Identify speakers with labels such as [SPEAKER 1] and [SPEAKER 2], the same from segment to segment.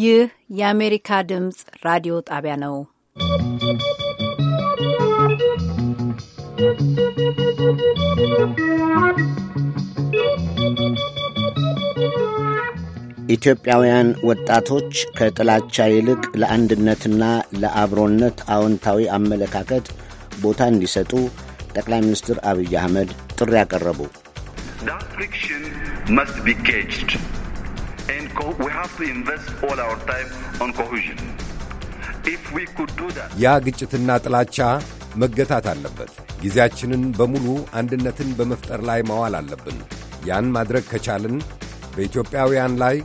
[SPEAKER 1] ይህ
[SPEAKER 2] የአሜሪካ ድምፅ ራዲዮ ጣቢያ ነው።
[SPEAKER 3] ኢትዮጵያውያን ወጣቶች ከጥላቻ ይልቅ ለአንድነትና ለአብሮነት አዎንታዊ አመለካከት ቦታ እንዲሰጡ ጠቅላይ ሚኒስትር አብይ አህመድ ጥሪ ያቀረቡ
[SPEAKER 4] ያ ግጭትና ጥላቻ መገታት አለበት። ጊዜያችንን በሙሉ አንድነትን በመፍጠር ላይ ማዋል አለብን። ያን ማድረግ ከቻልን በኢትዮጵያውያን ላይ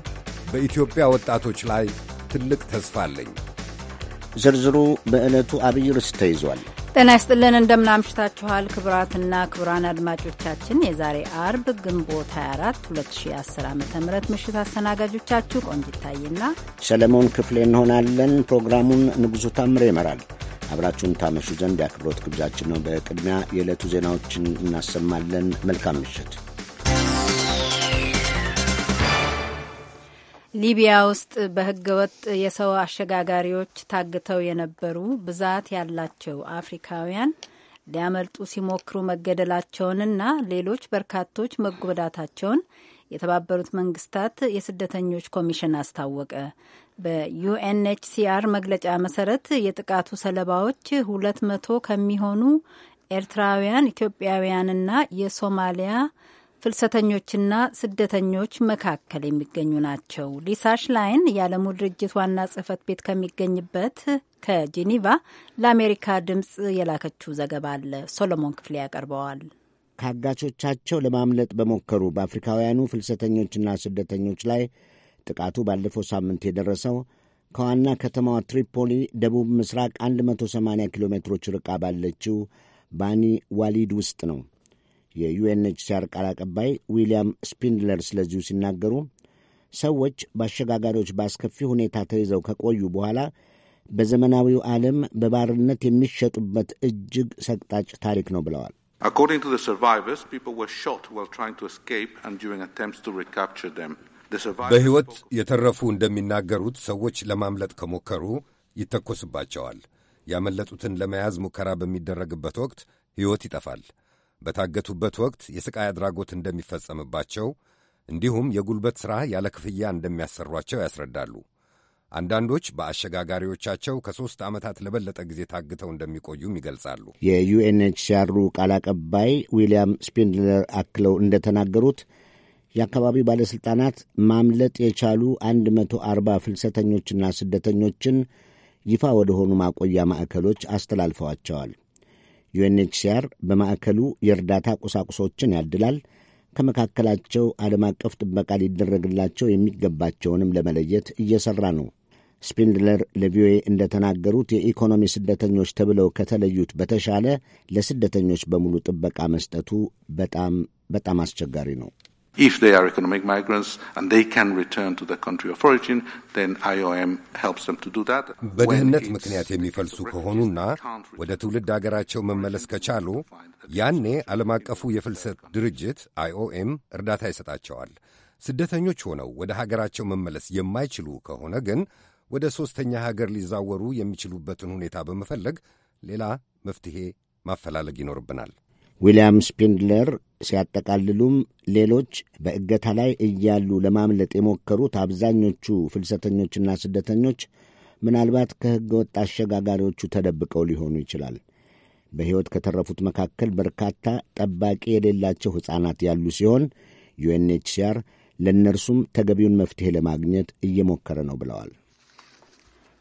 [SPEAKER 4] በኢትዮጵያ ወጣቶች ላይ ትልቅ ተስፋ አለኝ። ዝርዝሩ በዕለቱ አብይ ርዕስ ተይዟል።
[SPEAKER 2] ጤና ይስጥልን እንደምናምሽታችኋል ክቡራትና ክቡራን አድማጮቻችን የዛሬ አርብ ግንቦት 24 2010 ዓ ም ምሽት አስተናጋጆቻችሁ ቆንጅታይና
[SPEAKER 3] ሰለሞን ክፍሌ እንሆናለን። ፕሮግራሙን ንጉሡ ታምሬ ይመራል። አብራችሁን ታመሹ ዘንድ የአክብሮት ግብዣችን ነው። በቅድሚያ የዕለቱ ዜናዎችን እናሰማለን። መልካም ምሽት።
[SPEAKER 2] ሊቢያ ውስጥ በህገወጥ የሰው አሸጋጋሪዎች ታግተው የነበሩ ብዛት ያላቸው አፍሪካውያን ሊያመልጡ ሲሞክሩ መገደላቸውንና ሌሎች በርካቶች መጎዳታቸውን የተባበሩት መንግስታት የስደተኞች ኮሚሽን አስታወቀ። በዩኤንኤችሲአር መግለጫ መሰረት የጥቃቱ ሰለባዎች ሁለት መቶ ከሚሆኑ ኤርትራውያን፣ ኢትዮጵያውያንና የሶማሊያ ፍልሰተኞችና ስደተኞች መካከል የሚገኙ ናቸው። ሊሳሽ ላይን የዓለሙ ድርጅት ዋና ጽህፈት ቤት ከሚገኝበት ከጄኒቫ ለአሜሪካ ድምፅ የላከችው ዘገባ አለ። ሶሎሞን ክፍሌ ያቀርበዋል።
[SPEAKER 3] ከአጋቾቻቸው ለማምለጥ በሞከሩ በአፍሪካውያኑ ፍልሰተኞችና ስደተኞች ላይ ጥቃቱ ባለፈው ሳምንት የደረሰው ከዋና ከተማዋ ትሪፖሊ ደቡብ ምስራቅ 180 ኪሎ ሜትሮች ርቃ ባለችው ባኒ ዋሊድ ውስጥ ነው። የዩኤንኤችሲአር ቃል አቀባይ ዊልያም ስፒንድለር ስለዚሁ ሲናገሩ ሰዎች በአሸጋጋሪዎች በአስከፊ ሁኔታ ተይዘው ከቆዩ በኋላ በዘመናዊው ዓለም በባርነት የሚሸጡበት እጅግ ሰቅጣጭ ታሪክ ነው ብለዋል።
[SPEAKER 5] በሕይወት
[SPEAKER 4] የተረፉ እንደሚናገሩት ሰዎች ለማምለጥ ከሞከሩ ይተኮስባቸዋል። ያመለጡትን ለመያዝ ሙከራ በሚደረግበት ወቅት ሕይወት ይጠፋል። በታገቱበት ወቅት የሥቃይ አድራጎት እንደሚፈጸምባቸው እንዲሁም የጉልበት ሥራ ያለ ክፍያ እንደሚያሰሯቸው ያስረዳሉ። አንዳንዶች በአሸጋጋሪዎቻቸው ከሦስት ዓመታት ለበለጠ ጊዜ ታግተው እንደሚቆዩም ይገልጻሉ።
[SPEAKER 3] የዩኤንኤችሲአሩ ቃል አቀባይ ዊልያም ስፒንድለር አክለው እንደተናገሩት የአካባቢው ባለሥልጣናት ማምለጥ የቻሉ 140 ፍልሰተኞችና ስደተኞችን ይፋ ወደሆኑ ማቆያ ማዕከሎች አስተላልፈዋቸዋል። ዩኤንኤችሲአር በማዕከሉ የእርዳታ ቁሳቁሶችን ያድላል። ከመካከላቸው ዓለም አቀፍ ጥበቃ ሊደረግላቸው የሚገባቸውንም ለመለየት እየሠራ ነው። ስፒንድለር ለቪኦኤ እንደተናገሩት የኢኮኖሚ ስደተኞች ተብለው ከተለዩት በተሻለ ለስደተኞች በሙሉ ጥበቃ መስጠቱ በጣም በጣም አስቸጋሪ ነው።
[SPEAKER 5] If they are economic migrants and they can return to the country of origin, then IOM helps them to do that. በድህነት
[SPEAKER 3] ምክንያት
[SPEAKER 4] የሚፈልሱ ከሆኑና ወደ ትውልድ አገራቸው መመለስ ከቻሉ ያኔ ዓለም አቀፉ የፍልሰት ድርጅት አይኦኤም እርዳታ ይሰጣቸዋል። ስደተኞች ሆነው ወደ ሀገራቸው መመለስ የማይችሉ ከሆነ ግን ወደ ሦስተኛ ሀገር ሊዛወሩ የሚችሉበትን ሁኔታ በመፈለግ ሌላ መፍትሔ ማፈላለግ ይኖርብናል።
[SPEAKER 3] ዊልያም ስፒንድለር ሲያጠቃልሉም ሌሎች በእገታ ላይ እያሉ ለማምለጥ የሞከሩት አብዛኞቹ ፍልሰተኞችና ስደተኞች ምናልባት ወጥ አሸጋጋሪዎቹ ተደብቀው ሊሆኑ ይችላል። በሕይወት ከተረፉት መካከል በርካታ ጠባቂ የሌላቸው ሕፃናት ያሉ ሲሆን ዩኤንኤችሲአር ለእነርሱም ተገቢውን መፍትሔ ለማግኘት እየሞከረ ነው ብለዋል።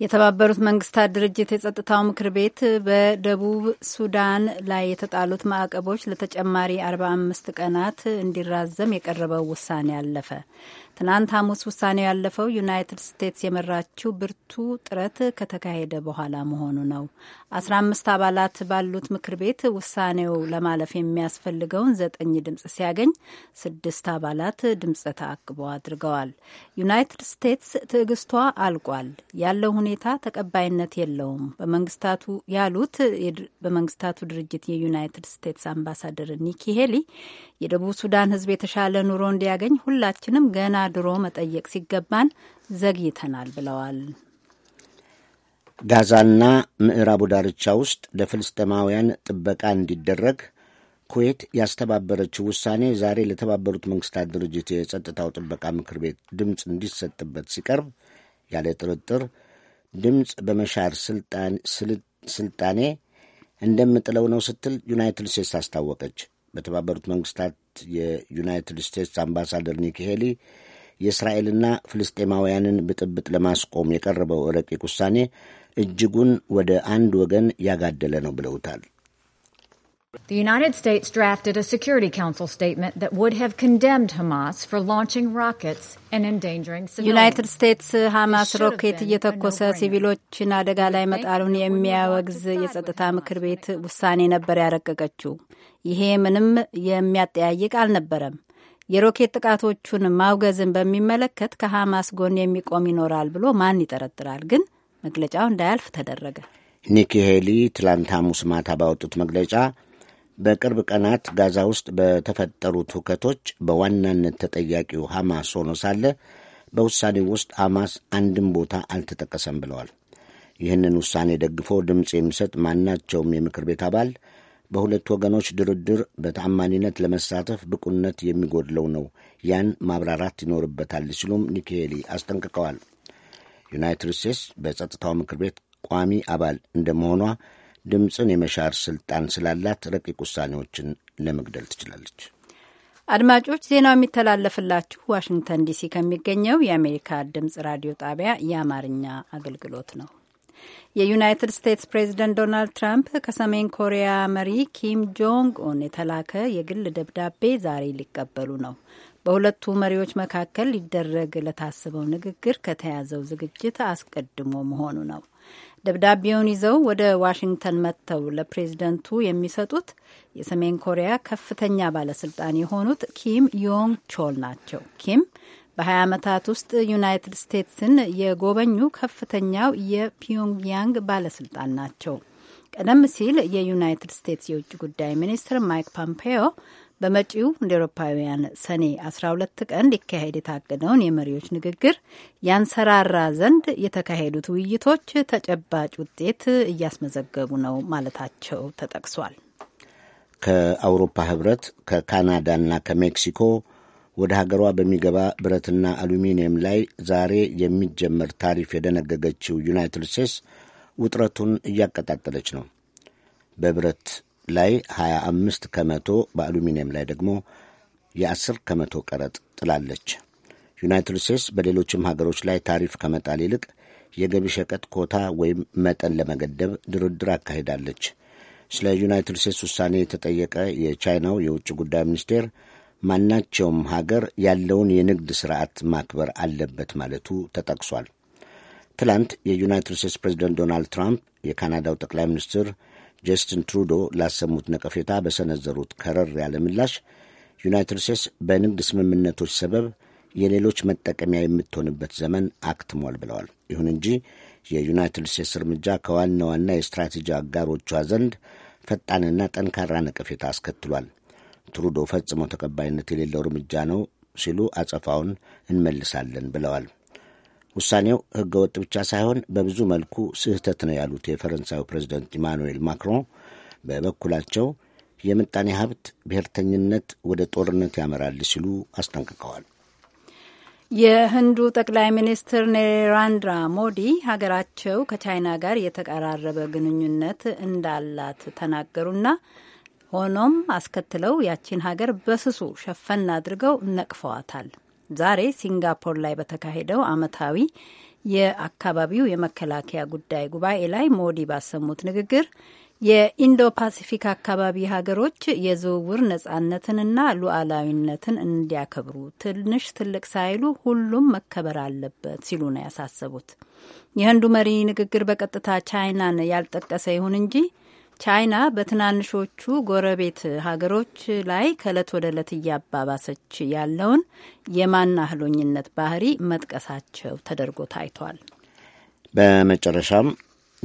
[SPEAKER 2] የተባበሩት መንግስታት ድርጅት የጸጥታው ምክር ቤት በደቡብ ሱዳን ላይ የተጣሉት ማዕቀቦች ለተጨማሪ አምስት ቀናት እንዲራዘም የቀረበው ውሳኔ አለፈ። ትናንት ሐሙስ ውሳኔው ያለፈው ዩናይትድ ስቴትስ የመራችው ብርቱ ጥረት ከተካሄደ በኋላ መሆኑ ነው። አስራ አምስት አባላት ባሉት ምክር ቤት ውሳኔው ለማለፍ የሚያስፈልገውን ዘጠኝ ድምጽ ሲያገኝ ስድስት አባላት ድምጽ ተአቅቦ አድርገዋል። ዩናይትድ ስቴትስ ትዕግስቷ አልቋል፣ ያለው ሁኔታ ተቀባይነት የለውም በመንግስታቱ ያሉት በመንግስታቱ ድርጅት የዩናይትድ ስቴትስ አምባሳደር ኒኪ ሄሊ የደቡብ ሱዳን ህዝብ የተሻለ ኑሮ እንዲያገኝ ሁላችንም ገና ድሮ መጠየቅ ሲገባን ዘግይተናል ብለዋል።
[SPEAKER 3] ጋዛና ምዕራቡ ዳርቻ ውስጥ ለፍልስጤማውያን ጥበቃ እንዲደረግ ኩዌት ያስተባበረችው ውሳኔ ዛሬ ለተባበሩት መንግስታት ድርጅት የጸጥታው ጥበቃ ምክር ቤት ድምፅ እንዲሰጥበት ሲቀርብ ያለ ጥርጥር ድምፅ በመሻር ስልጣኔ እንደምጥለው ነው ስትል ዩናይትድ ስቴትስ አስታወቀች። በተባበሩት መንግስታት የዩናይትድ ስቴትስ አምባሳደር ኒኪ ሄሊ የእስራኤልና ፍልስጤማውያንን ብጥብጥ ለማስቆም የቀረበው ረቂቅ ውሳኔ እጅጉን ወደ አንድ ወገን ያጋደለ ነው ብለውታል።
[SPEAKER 2] The United States drafted a Security Council statement that would have condemned Hamas for launching rockets and endangering civilians. ዩናይትድ ስቴትስ ሐማስ ሮኬት እየተኮሰ ሲቪሎችን አደጋ ላይ መጣሉን የሚያወግዝ የጸጥታ ምክር ቤት ውሳኔ ነበር ያረቀቀችው። ይሄ ምንም የሚያጠያይቅ አልነበረም። የሮኬት ጥቃቶቹን ማውገዝን በሚመለከት ከሐማስ ጎን የሚቆም ይኖራል ብሎ ማን ይጠረጥራል? ግን መግለጫው እንዳያልፍ ተደረገ።
[SPEAKER 3] ኒኪ ሄሊ ትላንት ሐሙስ ማታ ባወጡት መግለጫ በቅርብ ቀናት ጋዛ ውስጥ በተፈጠሩት ሁከቶች በዋናነት ተጠያቂው ሐማስ ሆኖ ሳለ በውሳኔው ውስጥ ሐማስ አንድም ቦታ አልተጠቀሰም ብለዋል። ይህንን ውሳኔ ደግፎ ድምፅ የሚሰጥ ማናቸውም የምክር ቤት አባል በሁለት ወገኖች ድርድር በታማኒነት ለመሳተፍ ብቁነት የሚጎድለው ነው፣ ያን ማብራራት ይኖርበታል ሲሉም ኒኪ ሄሊ አስጠንቅቀዋል። ዩናይትድ ስቴትስ በጸጥታው ምክር ቤት ቋሚ አባል እንደመሆኗ ድምፅን የመሻር ስልጣን ስላላት ረቂቅ ውሳኔዎችን ለመግደል ትችላለች።
[SPEAKER 2] አድማጮች ዜናው የሚተላለፍላችሁ ዋሽንግተን ዲሲ ከሚገኘው የአሜሪካ ድምጽ ራዲዮ ጣቢያ የአማርኛ አገልግሎት ነው። የዩናይትድ ስቴትስ ፕሬዝደንት ዶናልድ ትራምፕ ከሰሜን ኮሪያ መሪ ኪም ጆንግ ኡን የተላከ የግል ደብዳቤ ዛሬ ሊቀበሉ ነው። በሁለቱ መሪዎች መካከል ሊደረግ ለታሰበው ንግግር ከተያዘው ዝግጅት አስቀድሞ መሆኑ ነው። ደብዳቤውን ይዘው ወደ ዋሽንግተን መጥተው ለፕሬዝደንቱ የሚሰጡት የሰሜን ኮሪያ ከፍተኛ ባለስልጣን የሆኑት ኪም ዮንግ ቾል ናቸው። ኪም በ20 ዓመታት ውስጥ ዩናይትድ ስቴትስን የጎበኙ ከፍተኛው የፒዮንግያንግ ባለስልጣን ናቸው። ቀደም ሲል የዩናይትድ ስቴትስ የውጭ ጉዳይ ሚኒስትር ማይክ ፖምፔዮ በመጪው እንደ ኤሮፓውያን ሰኔ 12 ቀን ሊካሄድ የታገደውን የመሪዎች ንግግር ያንሰራራ ዘንድ የተካሄዱት ውይይቶች ተጨባጭ ውጤት እያስመዘገቡ ነው ማለታቸው ተጠቅሷል።
[SPEAKER 3] ከአውሮፓ ህብረት ከካናዳና ከሜክሲኮ ወደ ሀገሯ በሚገባ ብረትና አሉሚኒየም ላይ ዛሬ የሚጀመር ታሪፍ የደነገገችው ዩናይትድ ስቴትስ ውጥረቱን እያቀጣጠለች ነው። በብረት ላይ 25 ከመቶ በአሉሚኒየም ላይ ደግሞ የ10 ከመቶ ቀረጥ ጥላለች። ዩናይትድ ስቴትስ በሌሎችም ሀገሮች ላይ ታሪፍ ከመጣል ይልቅ የገቢ ሸቀጥ ኮታ ወይም መጠን ለመገደብ ድርድር አካሂዳለች። ስለ ዩናይትድ ስቴትስ ውሳኔ የተጠየቀ የቻይናው የውጭ ጉዳይ ሚኒስቴር ማናቸውም ሀገር ያለውን የንግድ ስርዓት ማክበር አለበት ማለቱ ተጠቅሷል። ትላንት የዩናይትድ ስቴትስ ፕሬዚደንት ዶናልድ ትራምፕ፣ የካናዳው ጠቅላይ ሚኒስትር ጀስትን ትሩዶ ላሰሙት ነቀፌታ በሰነዘሩት ከረር ያለ ምላሽ ዩናይትድ ስቴትስ በንግድ ስምምነቶች ሰበብ የሌሎች መጠቀሚያ የምትሆንበት ዘመን አክትሟል ብለዋል። ይሁን እንጂ የዩናይትድ ስቴትስ እርምጃ ከዋና ዋና የስትራቴጂ አጋሮቿ ዘንድ ፈጣንና ጠንካራ ነቀፌታ አስከትሏል። ትሩዶ ፈጽሞ ተቀባይነት የሌለው እርምጃ ነው ሲሉ አጸፋውን እንመልሳለን ብለዋል። ውሳኔው ህገወጥ ብቻ ሳይሆን በብዙ መልኩ ስህተት ነው ያሉት የፈረንሳዩ ፕሬዚደንት ኢማኑኤል ማክሮን በበኩላቸው የምጣኔ ሀብት ብሔርተኝነት ወደ ጦርነት ያመራል ሲሉ አስጠንቅቀዋል።
[SPEAKER 2] የህንዱ ጠቅላይ ሚኒስትር ኔራንድራ ሞዲ ሀገራቸው ከቻይና ጋር የተቀራረበ ግንኙነት እንዳላት ተናገሩና ሆኖም አስከትለው ያቺን ሀገር በስሱ ሸፈን አድርገው ነቅፈዋታል። ዛሬ ሲንጋፖር ላይ በተካሄደው አመታዊ የአካባቢው የመከላከያ ጉዳይ ጉባኤ ላይ ሞዲ ባሰሙት ንግግር የኢንዶ ፓሲፊክ አካባቢ ሀገሮች የዝውውር ነጻነትንና ሉዓላዊነትን እንዲያከብሩ ትንሽ ትልቅ ሳይሉ ሁሉም መከበር አለበት ሲሉ ነው ያሳሰቡት። የህንዱ መሪ ንግግር በቀጥታ ቻይናን ያልጠቀሰ ይሁን እንጂ ቻይና በትናንሾቹ ጎረቤት ሀገሮች ላይ ከእለት ወደ እለት እያባባሰች ያለውን የማናህሎኝነት ባህሪ መጥቀሳቸው ተደርጎ ታይቷል።
[SPEAKER 3] በመጨረሻም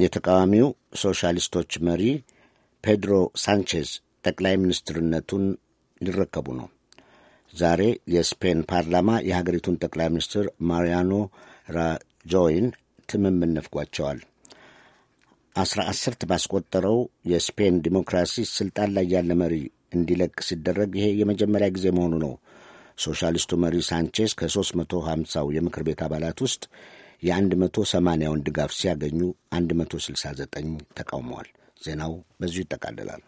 [SPEAKER 3] የተቃዋሚው ሶሻሊስቶች መሪ ፔድሮ ሳንቼዝ ጠቅላይ ሚኒስትርነቱን ሊረከቡ ነው። ዛሬ የስፔን ፓርላማ የሀገሪቱን ጠቅላይ ሚኒስትር ማሪያኖ ራጆይን ትምምን ነፍጓቸዋል። አስራ አስርት ባስቆጠረው የስፔን ዲሞክራሲ ስልጣን ላይ ያለ መሪ እንዲለቅ ሲደረግ ይሄ የመጀመሪያ ጊዜ መሆኑ ነው። ሶሻሊስቱ መሪ ሳንቼስ ከ መቶ ሀምሳው የምክር ቤት አባላት ውስጥ የአንድ መቶ ውን ድጋፍ ሲያገኙ ዘጠኝ ተቃውመዋል። ዜናው በዚሁ ይጠቃልላል።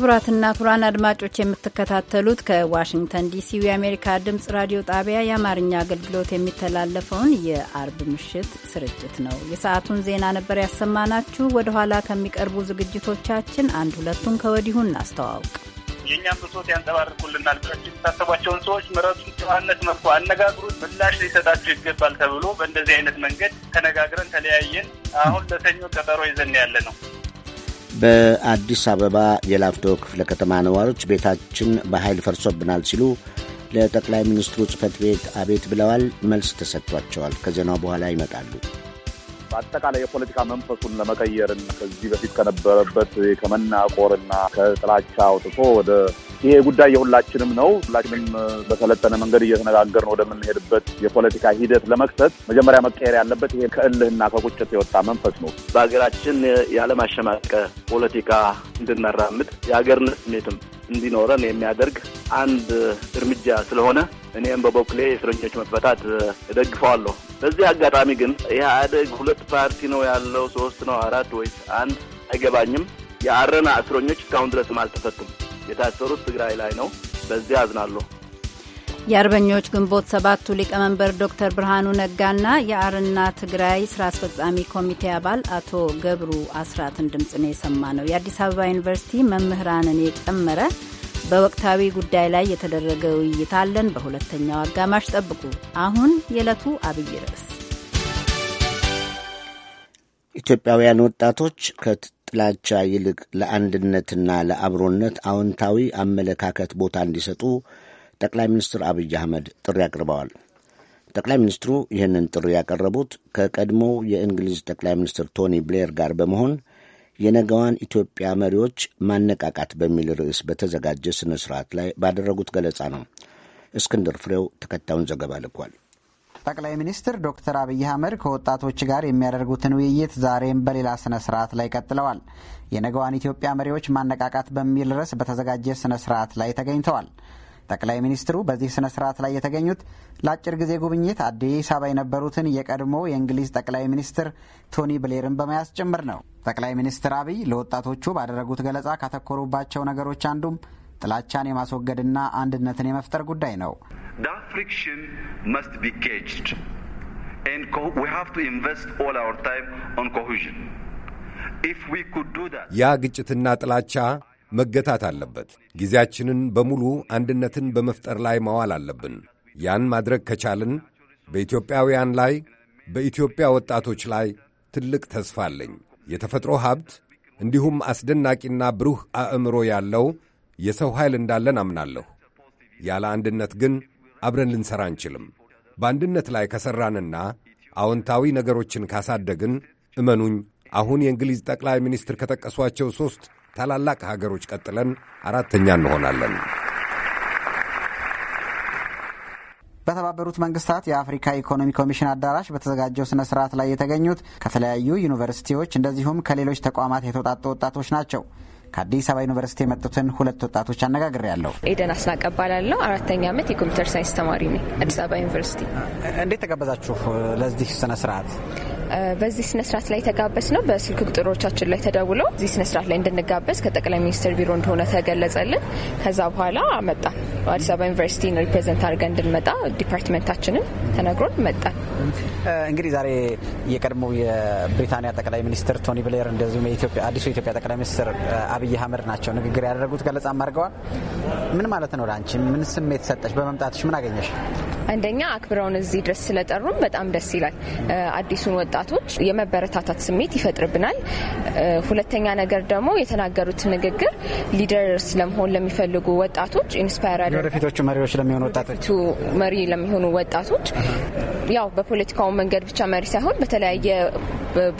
[SPEAKER 2] ክቡራትና ክቡራን አድማጮች የምትከታተሉት ከዋሽንግተን ዲሲ የአሜሪካ ድምፅ ራዲዮ ጣቢያ የአማርኛ አገልግሎት የሚተላለፈውን የአርብ ምሽት ስርጭት ነው። የሰዓቱን ዜና ነበር ያሰማናችሁ። ወደ ኋላ ከሚቀርቡ ዝግጅቶቻችን አንድ ሁለቱን ከወዲሁ እናስተዋውቅ።
[SPEAKER 6] የእኛም ብሶት ያንጸባርቁልናል ብላችሁ የምታሰቧቸውን ሰዎች ምረጡ፣ ጨዋነት መኩ፣ አነጋግሩት፣ ምላሽ ሊሰጣችሁ ይገባል ተብሎ በእንደዚህ አይነት መንገድ ተነጋግረን ተለያየን። አሁን ለሰኞ ቀጠሮ ይዘን ያለ ነው
[SPEAKER 3] በአዲስ አበባ የላፍቶ ክፍለ ከተማ ነዋሪዎች ቤታችን በኃይል ፈርሶብናል ሲሉ ለጠቅላይ ሚኒስትሩ ጽህፈት ቤት አቤት ብለዋል። መልስ ተሰጥቷቸዋል። ከዜናው በኋላ ይመጣሉ።
[SPEAKER 7] በአጠቃላይ የፖለቲካ መንፈሱን ለመቀየርና ከዚህ በፊት ከነበረበት ከመናቆርና ከጥላቻ አውጥቶ ወደ ይሄ ጉዳይ የሁላችንም ነው። ሁላችንም በሰለጠነ መንገድ እየተነጋገርን ወደምንሄድበት የፖለቲካ ሂደት ለመክሰት መጀመሪያ መቀየር ያለበት ይሄ ከእልህና ከቁጭት የወጣ መንፈስ ነው።
[SPEAKER 8] በሀገራችን ያለማሸማቀ ፖለቲካ እንድናራምድ የሀገርነት ስሜትም እንዲኖረን የሚያደርግ አንድ እርምጃ ስለሆነ እኔም በበኩሌ የእስረኞች መፈታት እደግፈዋለሁ። በዚህ አጋጣሚ ግን ኢህአዴግ ሁለት ፓርቲ ነው ያለው ሶስት ነው አራት ወይስ አንድ አይገባኝም። የአረና እስረኞች እስካሁን ድረስም አልተፈቱም። የታሰሩት ትግራይ ላይ ነው። በዚያ አዝናለሁ።
[SPEAKER 2] የአርበኞች ግንቦት ሰባቱ ሊቀመንበር ዶክተር ብርሃኑ ነጋና የአርና ትግራይ ስራ አስፈጻሚ ኮሚቴ አባል አቶ ገብሩ አስራትን ድምፅ ነው የሰማ ነው። የአዲስ አበባ ዩኒቨርሲቲ መምህራንን የጨመረ በወቅታዊ ጉዳይ ላይ የተደረገ ውይይት አለን። በሁለተኛው አጋማሽ ጠብቁ። አሁን የዕለቱ አብይ ርዕስ
[SPEAKER 3] ኢትዮጵያውያን ወጣቶች ከጥላቻ ይልቅ ለአንድነትና ለአብሮነት አዎንታዊ አመለካከት ቦታ እንዲሰጡ ጠቅላይ ሚኒስትር አብይ አህመድ ጥሪ አቅርበዋል። ጠቅላይ ሚኒስትሩ ይህንን ጥሪ ያቀረቡት ከቀድሞው የእንግሊዝ ጠቅላይ ሚኒስትር ቶኒ ብሌር ጋር በመሆን የነገዋን ኢትዮጵያ መሪዎች ማነቃቃት በሚል ርዕስ በተዘጋጀ ስነ ስርዓት ላይ ባደረጉት ገለጻ ነው። እስክንድር ፍሬው ተከታዩን ዘገባ ልኳል።
[SPEAKER 9] ጠቅላይ ሚኒስትር ዶክተር አብይ አህመድ ከወጣቶች ጋር የሚያደርጉትን ውይይት ዛሬም በሌላ ስነ ስርዓት ላይ ቀጥለዋል። የነገዋን ኢትዮጵያ መሪዎች ማነቃቃት በሚል ርዕስ በተዘጋጀ ስነ ስርዓት ላይ ተገኝተዋል። ጠቅላይ ሚኒስትሩ በዚህ ስነ ስርዓት ላይ የተገኙት ለአጭር ጊዜ ጉብኝት አዲስ አበባ የነበሩትን የቀድሞ የእንግሊዝ ጠቅላይ ሚኒስትር ቶኒ ብሌርን በመያዝ ጭምር ነው። ጠቅላይ ሚኒስትር አብይ ለወጣቶቹ ባደረጉት ገለጻ ካተኮሩባቸው ነገሮች አንዱም ጥላቻን የማስወገድና አንድነትን የመፍጠር ጉዳይ ነው።
[SPEAKER 6] That friction must be caged. And we have to invest all our time on cohesion.
[SPEAKER 4] If we could do that. ያ ግጭትና ጥላቻ መገታት አለበት። ጊዜያችንን በሙሉ አንድነትን በመፍጠር ላይ ማዋል አለብን። ያን ማድረግ ከቻልን በኢትዮጵያውያን ላይ በኢትዮጵያ ወጣቶች ላይ ትልቅ ተስፋ አለኝ። የተፈጥሮ ሀብት እንዲሁም አስደናቂና ብሩህ አእምሮ ያለው የሰው ኃይል እንዳለን አምናለሁ። ያለ አንድነት ግን አብረን ልንሠራ አንችልም። በአንድነት ላይ ከሠራንና አዎንታዊ ነገሮችን ካሳደግን፣ እመኑኝ አሁን የእንግሊዝ ጠቅላይ ሚኒስትር ከጠቀሷቸው ሦስት
[SPEAKER 9] ታላላቅ ሀገሮች ቀጥለን
[SPEAKER 4] አራተኛ እንሆናለን።
[SPEAKER 9] በተባበሩት መንግስታት የአፍሪካ ኢኮኖሚ ኮሚሽን አዳራሽ በተዘጋጀው ስነ ስርዓት ላይ የተገኙት ከተለያዩ ዩኒቨርሲቲዎች እንደዚሁም ከሌሎች ተቋማት የተውጣጡ ወጣቶች ናቸው። ከአዲስ አበባ ዩኒቨርሲቲ የመጡትን ሁለት ወጣቶች አነጋግሬያለሁ።
[SPEAKER 10] ኤደን አስናቀ እባላለሁ። አራተኛ ዓመት የኮምፒውተር ሳይንስ ተማሪ ነኝ አዲስ አበባ ዩኒቨርሲቲ።
[SPEAKER 9] እንዴት ተጋበዛችሁ ለዚህ ስነ ስርዓት?
[SPEAKER 10] በዚህ ስነስርዓት ላይ የተጋበዝ ነው በስልክ ቁጥሮቻችን ላይ ተደውሎ እዚህ ስነስርዓት ላይ እንድንጋበዝ ከጠቅላይ ሚኒስትር ቢሮ እንደሆነ ተገለጸልን። ከዛ በኋላ መጣ አዲስ አበባ ዩኒቨርሲቲን ሪፕሬዘንት አድርገን እንድንመጣ ዲፓርትመንታችንም ተነግሮን መጣ።
[SPEAKER 9] እንግዲህ ዛሬ የቀድሞው የብሪታንያ ጠቅላይ ሚኒስትር ቶኒ ብሌር እንደዚሁም አዲሱ የኢትዮጵያ ጠቅላይ ሚኒስትር አብይ አህመድ ናቸው ንግግር ያደረጉት ገለጻም አድርገዋል። ምን ማለት ነው? ለአንቺ ምን ስሜት ሰጠች? በመምጣትሽ ምን አገኘሽ?
[SPEAKER 10] አንደኛ አክብረውን እዚህ ድረስ ስለጠሩም በጣም ደስ ይላል። አዲሱን ወጣ ወጣቶች የመበረታታት ስሜት ይፈጥርብናል። ሁለተኛ ነገር ደግሞ የተናገሩት ንግግር ሊደርስ ለመሆን ለሚፈልጉ ወጣቶች ኢንስፓየር
[SPEAKER 9] ወደፊቶቹ መሪዎች ለሚሆኑ
[SPEAKER 10] ወጣቶች መሪ ለሚሆኑ ወጣቶች ያው በፖለቲካው መንገድ ብቻ መሪ ሳይሆን በተለያየ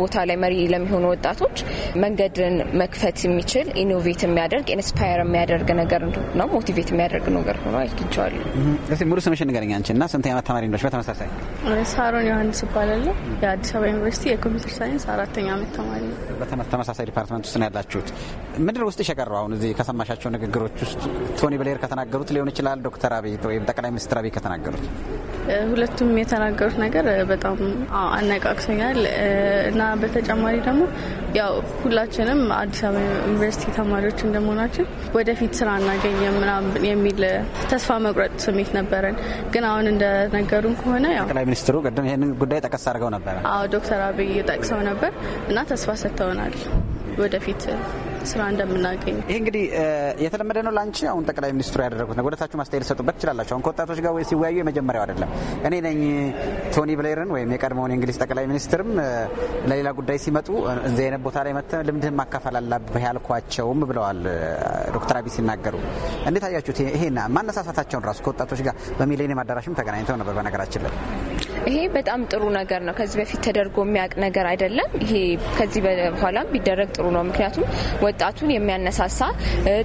[SPEAKER 10] ቦታ ላይ መሪ ለሚሆኑ ወጣቶች መንገድን መክፈት የሚችል ኢኖቬት የሚያደርግ ኢንስፓየር የሚያደርግ ነገር ነው፣ ሞቲቬት የሚያደርግ ነገር ሆኖ አይግቸዋለሁ።
[SPEAKER 9] እስኪ ሙሉ ስምሽን ንገረኝ አንቺ እና ስንተኛ ዓመት ተማሪ ነሽ? በተመሳሳይ
[SPEAKER 11] ሳሮን ዮሐንስ እባላለሁ። የአዲስ አበባ ዩኒቨርሲቲ የኮምፒውተር ሳይንስ አራተኛ ዓመት ተማሪ ነው።
[SPEAKER 9] በተመሳሳይ ዲፓርትመንት ውስጥ ነው ያላችሁት። ምድር ውስጥ ውስጥሽ አሁን እዚህ ከሰማሻቸው ንግግሮች ውስጥ ቶኒ ብሌር ከተናገሩት ሊሆን ይችላል፣ ዶክተር አብይ ወይም ጠቅላይ ሚኒስትር አብይ ከተናገሩት
[SPEAKER 11] ሁለቱም የተናገሩት ነገር በጣም አነቃቅሶኛል እና በተጨማሪ ደግሞ ያው ሁላችንም አዲስ አበባ ዩኒቨርሲቲ ተማሪዎች እንደመሆናችን ወደፊት ስራ አናገኝም ምናምን የሚል ተስፋ መቁረጥ ስሜት ነበረን። ግን አሁን እንደነገሩን ከሆነ
[SPEAKER 9] ጠቅላይ ሚኒስትሩ ቅድም ይህንን ጉዳይ ጠቀስ አድርገው ነበረ።
[SPEAKER 11] አዎ ዶክተር አብይ ጠቅሰው ነበር እና ተስፋ ሰጥተውናል ወደፊት ስራ እንደምናገኝ።
[SPEAKER 9] ይህ እንግዲህ የተለመደ ነው ለአንቺ አሁን ጠቅላይ ሚኒስትሩ ያደረጉት ነገር ወደታችሁ ማስተያየት ሰጡበት ትችላላችሁ። አሁን ከወጣቶች ጋር ሲወያዩ የመጀመሪያው አይደለም። እኔ ነኝ ቶኒ ብሌርን ወይም የቀድሞውን የእንግሊዝ ጠቅላይ ሚኒስትርም ለሌላ ጉዳይ ሲመጡ እዚህ አይነት ቦታ ላይ መጥተህ ልምድህን ማካፈል አለብህ ያልኳቸውም ብለዋል ዶክተር አብይ ሲናገሩ። እንዴት አያችሁት? ይሄና ማነሳሳታቸውን ራሱ ከወጣቶች ጋር በሚሌኒየም አዳራሽም ተገናኝተው ነበር በነገራችን ላይ
[SPEAKER 10] ይሄ በጣም ጥሩ ነገር ነው። ከዚህ በፊት ተደርጎ የሚያውቅ ነገር አይደለም። ይሄ ከዚህ በኋላም ቢደረግ ጥሩ ነው። ምክንያቱም ወጣቱን የሚያነሳሳ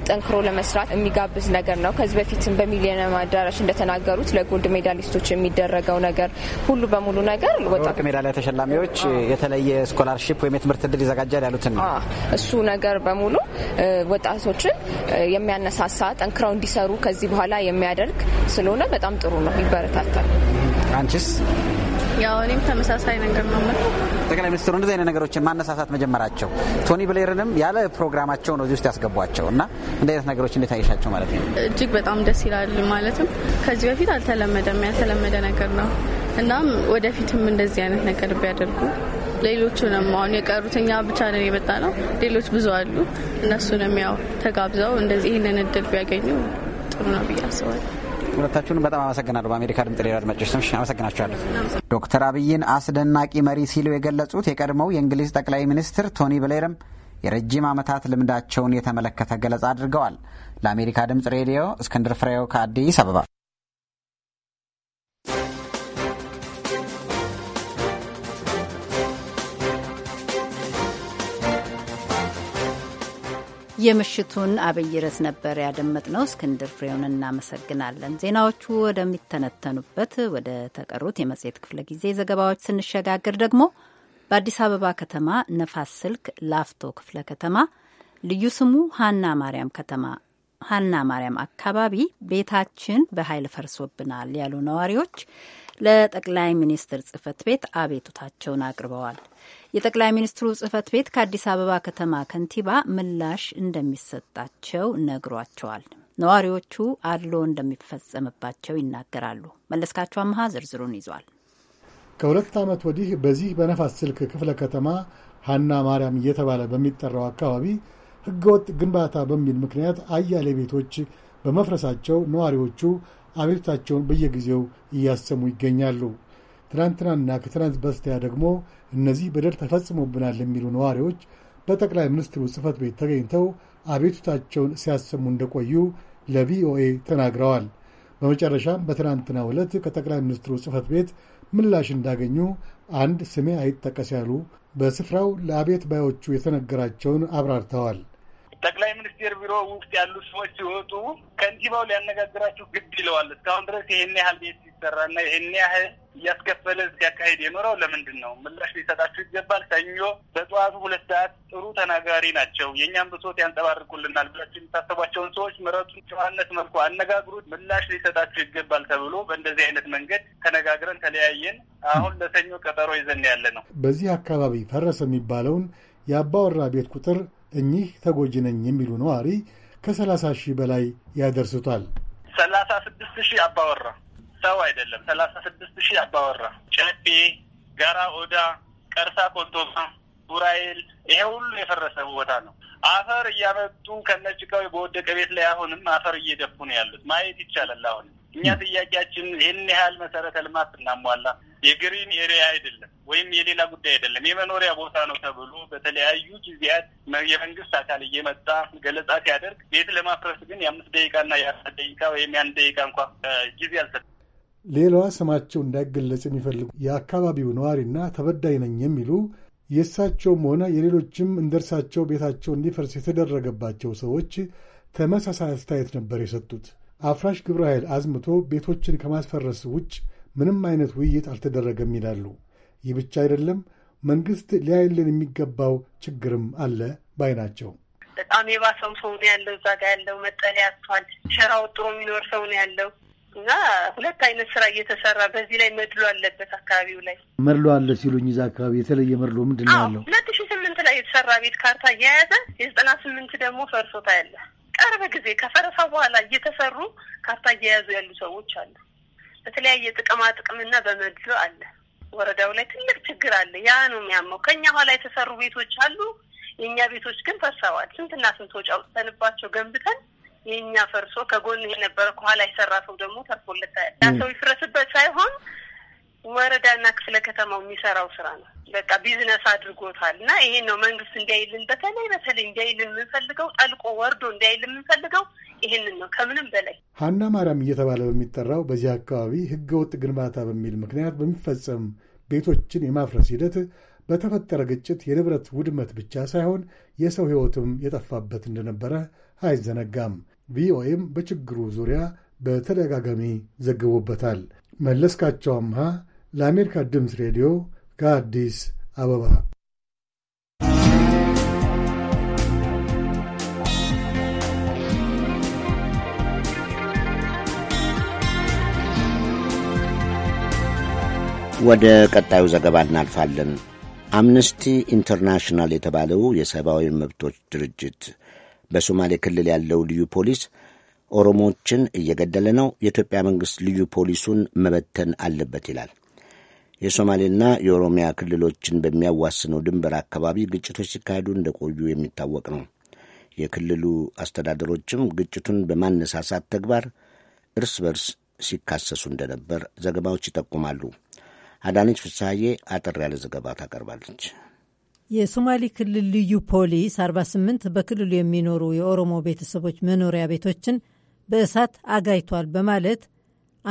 [SPEAKER 10] ጠንክሮ ለመስራት የሚጋብዝ ነገር ነው። ከዚህ በፊትም በሚሊኒየም አዳራሽ እንደተናገሩት ለጎልድ ሜዳሊስቶች የሚደረገው ነገር ሁሉ በሙሉ ነገር ወጣቱ
[SPEAKER 9] ሜዳሊያ ተሸላሚዎች የተለየ ስኮላርሺፕ ወይም የትምህርት እድል ይዘጋጃል ያሉትን ነው።
[SPEAKER 10] እሱ ነገር በሙሉ ወጣቶችን የሚያነሳሳ ጠንክረው እንዲሰሩ ከዚህ በኋላ የሚያደርግ ስለሆነ በጣም ጥሩ ነው፣ ይበረታታል።
[SPEAKER 9] አንቺስ
[SPEAKER 11] ያው እኔም ተመሳሳይ ነገር ነው
[SPEAKER 9] ጠቅላይ ሚኒስትሩ እንደዚህ አይነት ነገሮችን ማነሳሳት መጀመራቸው ቶኒ ብሌርንም ያለ ፕሮግራማቸው ነው እዚህ ውስጥ ያስገቧቸው እና እንደዚህ አይነት ነገሮች እንዴት ማለት ነው?
[SPEAKER 11] እጅግ በጣም ደስ ይላል። ማለትም ከዚህ በፊት አልተለመደም፣ ያልተለመደ ነገር ነው። እናም ወደፊትም እንደዚህ አይነት ነገር ቢያደርጉ ሌሎቹንም አሁን የቀሩት እኛ ብቻ ነን የመጣ ነው። ሌሎች ብዙ አሉ። እነሱንም ያው ተጋብዘው እንደዚህ ይህንን እድል ቢያገኙ ጥሩ ነው
[SPEAKER 9] ብዬ አስባለሁ። ሁለታችሁንም በጣም አመሰግናለሁ። በአሜሪካ ድምጽ ሬዲዮ አድማጮች ስም አመሰግናችኋለሁ። ዶክተር አብይን አስደናቂ መሪ ሲሉ የገለጹት የቀድሞው የእንግሊዝ ጠቅላይ ሚኒስትር ቶኒ ብሌርም የረጅም ዓመታት ልምዳቸውን የተመለከተ ገለጻ አድርገዋል። ለአሜሪካ ድምጽ ሬዲዮ እስክንድር ፍሬው ከአዲስ አበባ
[SPEAKER 2] የምሽቱን አብይ ርዕስ ነበር ያደመጥነው። እስክንድር ፍሬውን እናመሰግናለን። ዜናዎቹ ወደሚተነተኑበት ወደ ተቀሩት የመጽሔት ክፍለ ጊዜ ዘገባዎች ስንሸጋግር ደግሞ በአዲስ አበባ ከተማ ነፋስ ስልክ ላፍቶ ክፍለ ከተማ ልዩ ስሙ ሀና ማርያም ከተማ ሀና ማርያም አካባቢ ቤታችን በኃይል ፈርሶብናል ያሉ ነዋሪዎች ለጠቅላይ ሚኒስትር ጽህፈት ቤት አቤቱታቸውን አቅርበዋል። የጠቅላይ ሚኒስትሩ ጽህፈት ቤት ከአዲስ አበባ ከተማ ከንቲባ ምላሽ እንደሚሰጣቸው ነግሯቸዋል። ነዋሪዎቹ አድሎ እንደሚፈጸምባቸው ይናገራሉ። መለስካቸው አመሀ ዝርዝሩን ይዟል።
[SPEAKER 12] ከሁለት ዓመት ወዲህ በዚህ በነፋስ ስልክ ክፍለ ከተማ ሀና ማርያም እየተባለ በሚጠራው አካባቢ ህገወጥ ግንባታ በሚል ምክንያት አያሌ ቤቶች በመፍረሳቸው ነዋሪዎቹ አቤቱታቸውን በየጊዜው እያሰሙ ይገኛሉ። ትናንትናና ከትናንት በስቲያ ደግሞ እነዚህ በደል ተፈጽሞብናል የሚሉ ነዋሪዎች በጠቅላይ ሚኒስትሩ ጽህፈት ቤት ተገኝተው አቤቱታቸውን ሲያሰሙ እንደቆዩ ለቪኦኤ ተናግረዋል። በመጨረሻም በትናንትናው ዕለት ከጠቅላይ ሚኒስትሩ ጽህፈት ቤት ምላሽ እንዳገኙ አንድ ስሜ አይጠቀስ ያሉ በስፍራው ለአቤት ባዮቹ የተነገራቸውን አብራርተዋል።
[SPEAKER 6] ጠቅላይ ሚኒስቴር ቢሮ ውስጥ ያሉ ሰዎች ሲወጡ ከንቲባው ሊያነጋግራቸው ግድ ይለዋል። እስካሁን ድረስ ይህን ያህል ቤት ሲሰራ እና ይህን ያህል እያስከፈለ ሲያካሄድ የኖረው ለምንድን ነው? ምላሽ ሊሰጣችሁ ይገባል። ሰኞ በጠዋቱ ሁለት ሰዓት ጥሩ ተናጋሪ ናቸው፣ የእኛም ብሶት ያንጸባርቁልናል ብላችሁ የሚታሰቧቸውን ሰዎች ምረቱን ጨዋነት መልኩ አነጋግሩት፣ ምላሽ ሊሰጣችሁ ይገባል ተብሎ በእንደዚህ አይነት መንገድ ተነጋግረን ተለያየን። አሁን ለሰኞ ቀጠሮ ይዘን ያለ
[SPEAKER 12] ነው። በዚህ አካባቢ ፈረሰ የሚባለውን የአባወራ ቤት ቁጥር እኚህ ተጎጂ ነኝ የሚሉ ነዋሪ ከሰላሳ ሺህ በላይ ያደርሱታል። ሰላሳ
[SPEAKER 6] ስድስት ሺህ አባወራ ሰው አይደለም። ሰላሳ ስድስት ሺህ አባወራ ጨፌ፣ ጋራ ኦዳ፣ ቀርሳ፣ ኮንቶማ፣ ቡራይል ይሄ ሁሉ የፈረሰ ቦታ ነው። አፈር እያመጡ ከነጭቃው በወደቀ ቤት ላይ አሁንም አፈር እየደፉ ነው ያሉት። ማየት ይቻላል። አሁንም እኛ ጥያቄያችን ይህን ያህል መሰረተ ልማት እናሟላ የግሪን ኤሪያ አይደለም ወይም የሌላ ጉዳይ አይደለም፣ የመኖሪያ ቦታ ነው ተብሎ በተለያዩ ጊዜያት የመንግስት አካል እየመጣ ገለጻ ሲያደርግ ቤት ለማፍረስ ግን የአምስት ደቂቃና የአራት ደቂቃ ወይም የአንድ ደቂቃ እንኳ ጊዜ አልሰጠም።
[SPEAKER 12] ሌላዋ ስማቸው እንዳይገለጽ የሚፈልጉ የአካባቢው ነዋሪና ተበዳይ ነኝ የሚሉ የእሳቸውም ሆነ የሌሎችም እንደርሳቸው ቤታቸው እንዲፈርስ የተደረገባቸው ሰዎች ተመሳሳይ አስተያየት ነበር የሰጡት። አፍራሽ ግብረ ኃይል አዝምቶ ቤቶችን ከማስፈረስ ውጭ ምንም አይነት ውይይት አልተደረገም ይላሉ። ይህ ብቻ አይደለም፣ መንግስት ሊያይልን የሚገባው ችግርም አለ ባይ ናቸው።
[SPEAKER 6] በጣም የባሰው ሰው ነው ያለው። እዛ ጋ ያለው መጠለያ አጥቷል። ሸራ ወጥሮ የሚኖር ሰው ነው ያለው እና ሁለት አይነት ስራ እየተሰራ በዚህ ላይ መድሎ አለበት። አካባቢው
[SPEAKER 12] ላይ መድሎ አለ ሲሉኝ እዛ አካባቢ የተለየ መድሎ ምንድን ነው ያለው?
[SPEAKER 6] ሁለት ሺ ስምንት ላይ የተሰራ ቤት ካርታ እየያዘ የዘጠና ስምንት ደግሞ ፈርሶታ ያለ ቀርብ ጊዜ ከፈረሳ በኋላ እየተሰሩ ካርታ እየያዙ ያሉ ሰዎች አሉ። በተለያየ ጥቅማ ጥቅምና በመድሎ አለ። ወረዳው ላይ ትልቅ ችግር አለ። ያ ነው የሚያመው። ከኛ ኋላ የተሰሩ ቤቶች አሉ። የእኛ ቤቶች ግን ፈርሰዋል። ስንትና ስንት ወጪ አውጥተንባቸው ገንብተን የእኛ ፈርሶ ከጎን የነበረ ከኋላ የሰራ ሰው ደግሞ ተርፎለታል። ያ ሰው ይፍረስበት ሳይሆን ወረዳና ክፍለ ከተማው የሚሰራው ስራ ነው። በቃ ቢዝነስ አድርጎታል። እና ይሄን ነው መንግስት እንዲያይልን በተለይ በተለይ እንዲያይልን የምንፈልገው ጠልቆ ወርዶ እንዲያይልን የምንፈልገው
[SPEAKER 12] ይህንን ነው። ከምንም በላይ ሀና ማርያም እየተባለ በሚጠራው በዚህ አካባቢ ህገወጥ ግንባታ በሚል ምክንያት በሚፈጸም ቤቶችን የማፍረስ ሂደት በተፈጠረ ግጭት የንብረት ውድመት ብቻ ሳይሆን የሰው ህይወትም የጠፋበት እንደነበረ አይዘነጋም። ቪኦኤም በችግሩ ዙሪያ በተደጋጋሚ ዘግቦበታል። መለስካቸው አምሃ ለአሜሪካ ድምፅ ሬዲዮ ከአዲስ አበባ።
[SPEAKER 3] ወደ ቀጣዩ ዘገባ እናልፋለን። አምነስቲ ኢንተርናሽናል የተባለው የሰብአዊ መብቶች ድርጅት በሶማሌ ክልል ያለው ልዩ ፖሊስ ኦሮሞዎችን እየገደለ ነው፣ የኢትዮጵያ መንግሥት ልዩ ፖሊሱን መበተን አለበት ይላል። የሶማሌና የኦሮሚያ ክልሎችን በሚያዋስነው ድንበር አካባቢ ግጭቶች ሲካሄዱ እንደቆዩ የሚታወቅ ነው። የክልሉ አስተዳደሮችም ግጭቱን በማነሳሳት ተግባር እርስ በርስ ሲካሰሱ እንደነበር ዘገባዎች ይጠቁማሉ። አዳነች ፍሳዬ አጠር ያለ ዘገባ ታቀርባለች።
[SPEAKER 1] የሶማሌ ክልል ልዩ ፖሊስ 48 በክልሉ የሚኖሩ የኦሮሞ ቤተሰቦች መኖሪያ ቤቶችን በእሳት አጋይቷል በማለት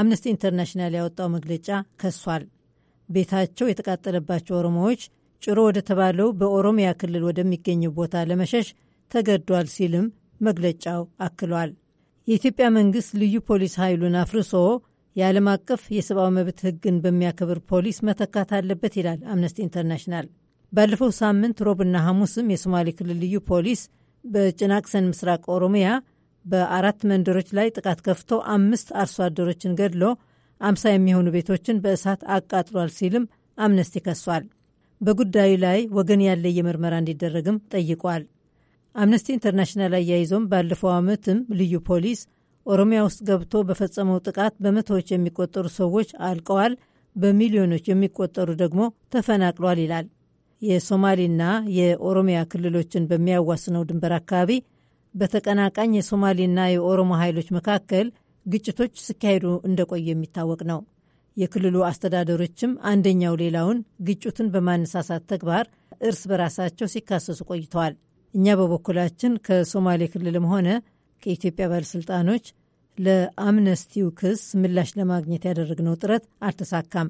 [SPEAKER 1] አምነስቲ ኢንተርናሽናል ያወጣው መግለጫ ከሷል። ቤታቸው የተቃጠለባቸው ኦሮሞዎች ጭሮ ወደ ተባለው በኦሮሚያ ክልል ወደሚገኘው ቦታ ለመሸሽ ተገዷል ሲልም መግለጫው አክሏል። የኢትዮጵያ መንግሥት ልዩ ፖሊስ ኃይሉን አፍርሶ የዓለም አቀፍ የሰብአዊ መብት ሕግን በሚያከብር ፖሊስ መተካት አለበት ይላል አምነስቲ ኢንተርናሽናል። ባለፈው ሳምንት ሮብና ሐሙስም የሶማሌ ክልል ልዩ ፖሊስ በጭናቅሰን ምስራቅ ኦሮሚያ በአራት መንደሮች ላይ ጥቃት ከፍቶ አምስት አርሶ አደሮችን ገድሎ አምሳ የሚሆኑ ቤቶችን በእሳት አቃጥሏል ሲልም አምነስቲ ከሷል። በጉዳዩ ላይ ወገን ያለ የምርመራ እንዲደረግም ጠይቋል። አምነስቲ ኢንተርናሽናል አያይዞም ባለፈው ዓመትም ልዩ ፖሊስ ኦሮሚያ ውስጥ ገብቶ በፈጸመው ጥቃት በመቶዎች የሚቆጠሩ ሰዎች አልቀዋል፣ በሚሊዮኖች የሚቆጠሩ ደግሞ ተፈናቅሏል ይላል። የሶማሌና የኦሮሚያ ክልሎችን በሚያዋስነው ድንበር አካባቢ በተቀናቃኝ የሶማሌና የኦሮሞ ኃይሎች መካከል ግጭቶች ሲካሄዱ እንደቆየ የሚታወቅ ነው። የክልሉ አስተዳደሮችም አንደኛው ሌላውን ግጭቱን በማነሳሳት ተግባር እርስ በራሳቸው ሲካሰሱ ቆይተዋል። እኛ በበኩላችን ከሶማሌ ክልልም ሆነ ከኢትዮጵያ ባለሥልጣኖች ለአምነስቲው ክስ ምላሽ ለማግኘት ያደረግነው ጥረት አልተሳካም።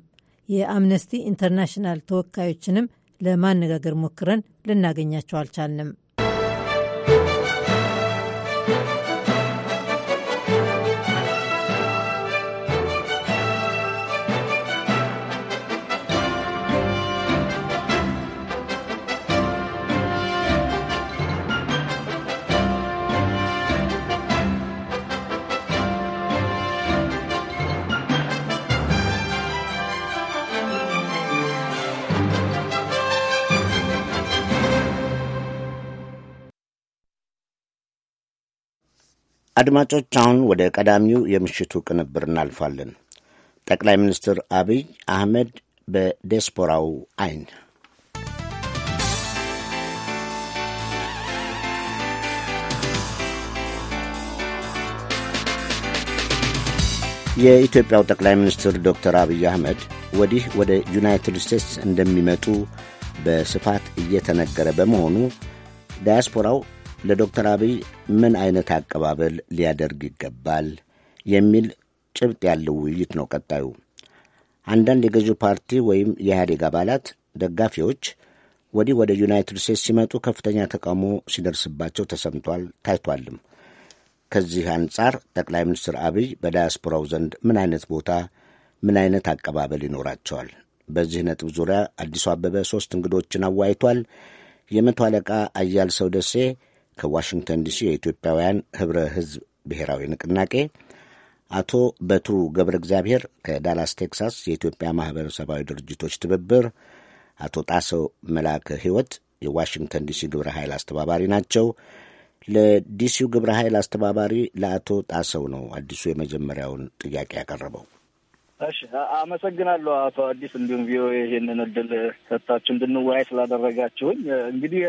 [SPEAKER 1] የአምነስቲ ኢንተርናሽናል ተወካዮችንም ለማነጋገር ሞክረን ልናገኛቸው አልቻልንም።
[SPEAKER 3] አድማጮች፣ አሁን ወደ ቀዳሚው የምሽቱ ቅንብር እናልፋለን። ጠቅላይ ሚኒስትር አብይ አህመድ በዲያስፖራው አይን የኢትዮጵያው ጠቅላይ ሚኒስትር ዶክተር አብይ አህመድ ወዲህ ወደ ዩናይትድ ስቴትስ እንደሚመጡ በስፋት እየተነገረ በመሆኑ ዳያስፖራው ለዶክተር አብይ ምን አይነት አቀባበል ሊያደርግ ይገባል የሚል ጭብጥ ያለው ውይይት ነው ቀጣዩ። አንዳንድ የገዢው ፓርቲ ወይም የኢህአዴግ አባላት ደጋፊዎች ወዲህ ወደ ዩናይትድ ስቴትስ ሲመጡ ከፍተኛ ተቃውሞ ሲደርስባቸው ተሰምቷል ታይቷልም። ከዚህ አንጻር ጠቅላይ ሚኒስትር አብይ በዳያስፖራው ዘንድ ምን አይነት ቦታ ምን አይነት አቀባበል ይኖራቸዋል? በዚህ ነጥብ ዙሪያ አዲሱ አበበ ሶስት እንግዶችን አዋይቷል። የመቶ አለቃ አያል ሰው ደሴ ከዋሽንግተን ዲሲ የኢትዮጵያውያን ህብረ ህዝብ ብሔራዊ ንቅናቄ፣ አቶ በትሩ ገብረ እግዚአብሔር ከዳላስ ቴክሳስ የኢትዮጵያ ማህበረሰባዊ ድርጅቶች ትብብር፣ አቶ ጣሰው መላከ ህይወት የዋሽንግተን ዲሲ ግብረ ኃይል አስተባባሪ ናቸው። ለዲሲው ግብረ ኃይል አስተባባሪ ለአቶ ጣሰው ነው አዲሱ የመጀመሪያውን ጥያቄ ያቀረበው።
[SPEAKER 13] እሺ አመሰግናለሁ አቶ አዲስ እንዲሁም ቪኦኤ ይህንን እድል ሰጥታችሁ እንድንወያይ ስላደረጋችሁኝ። እንግዲህ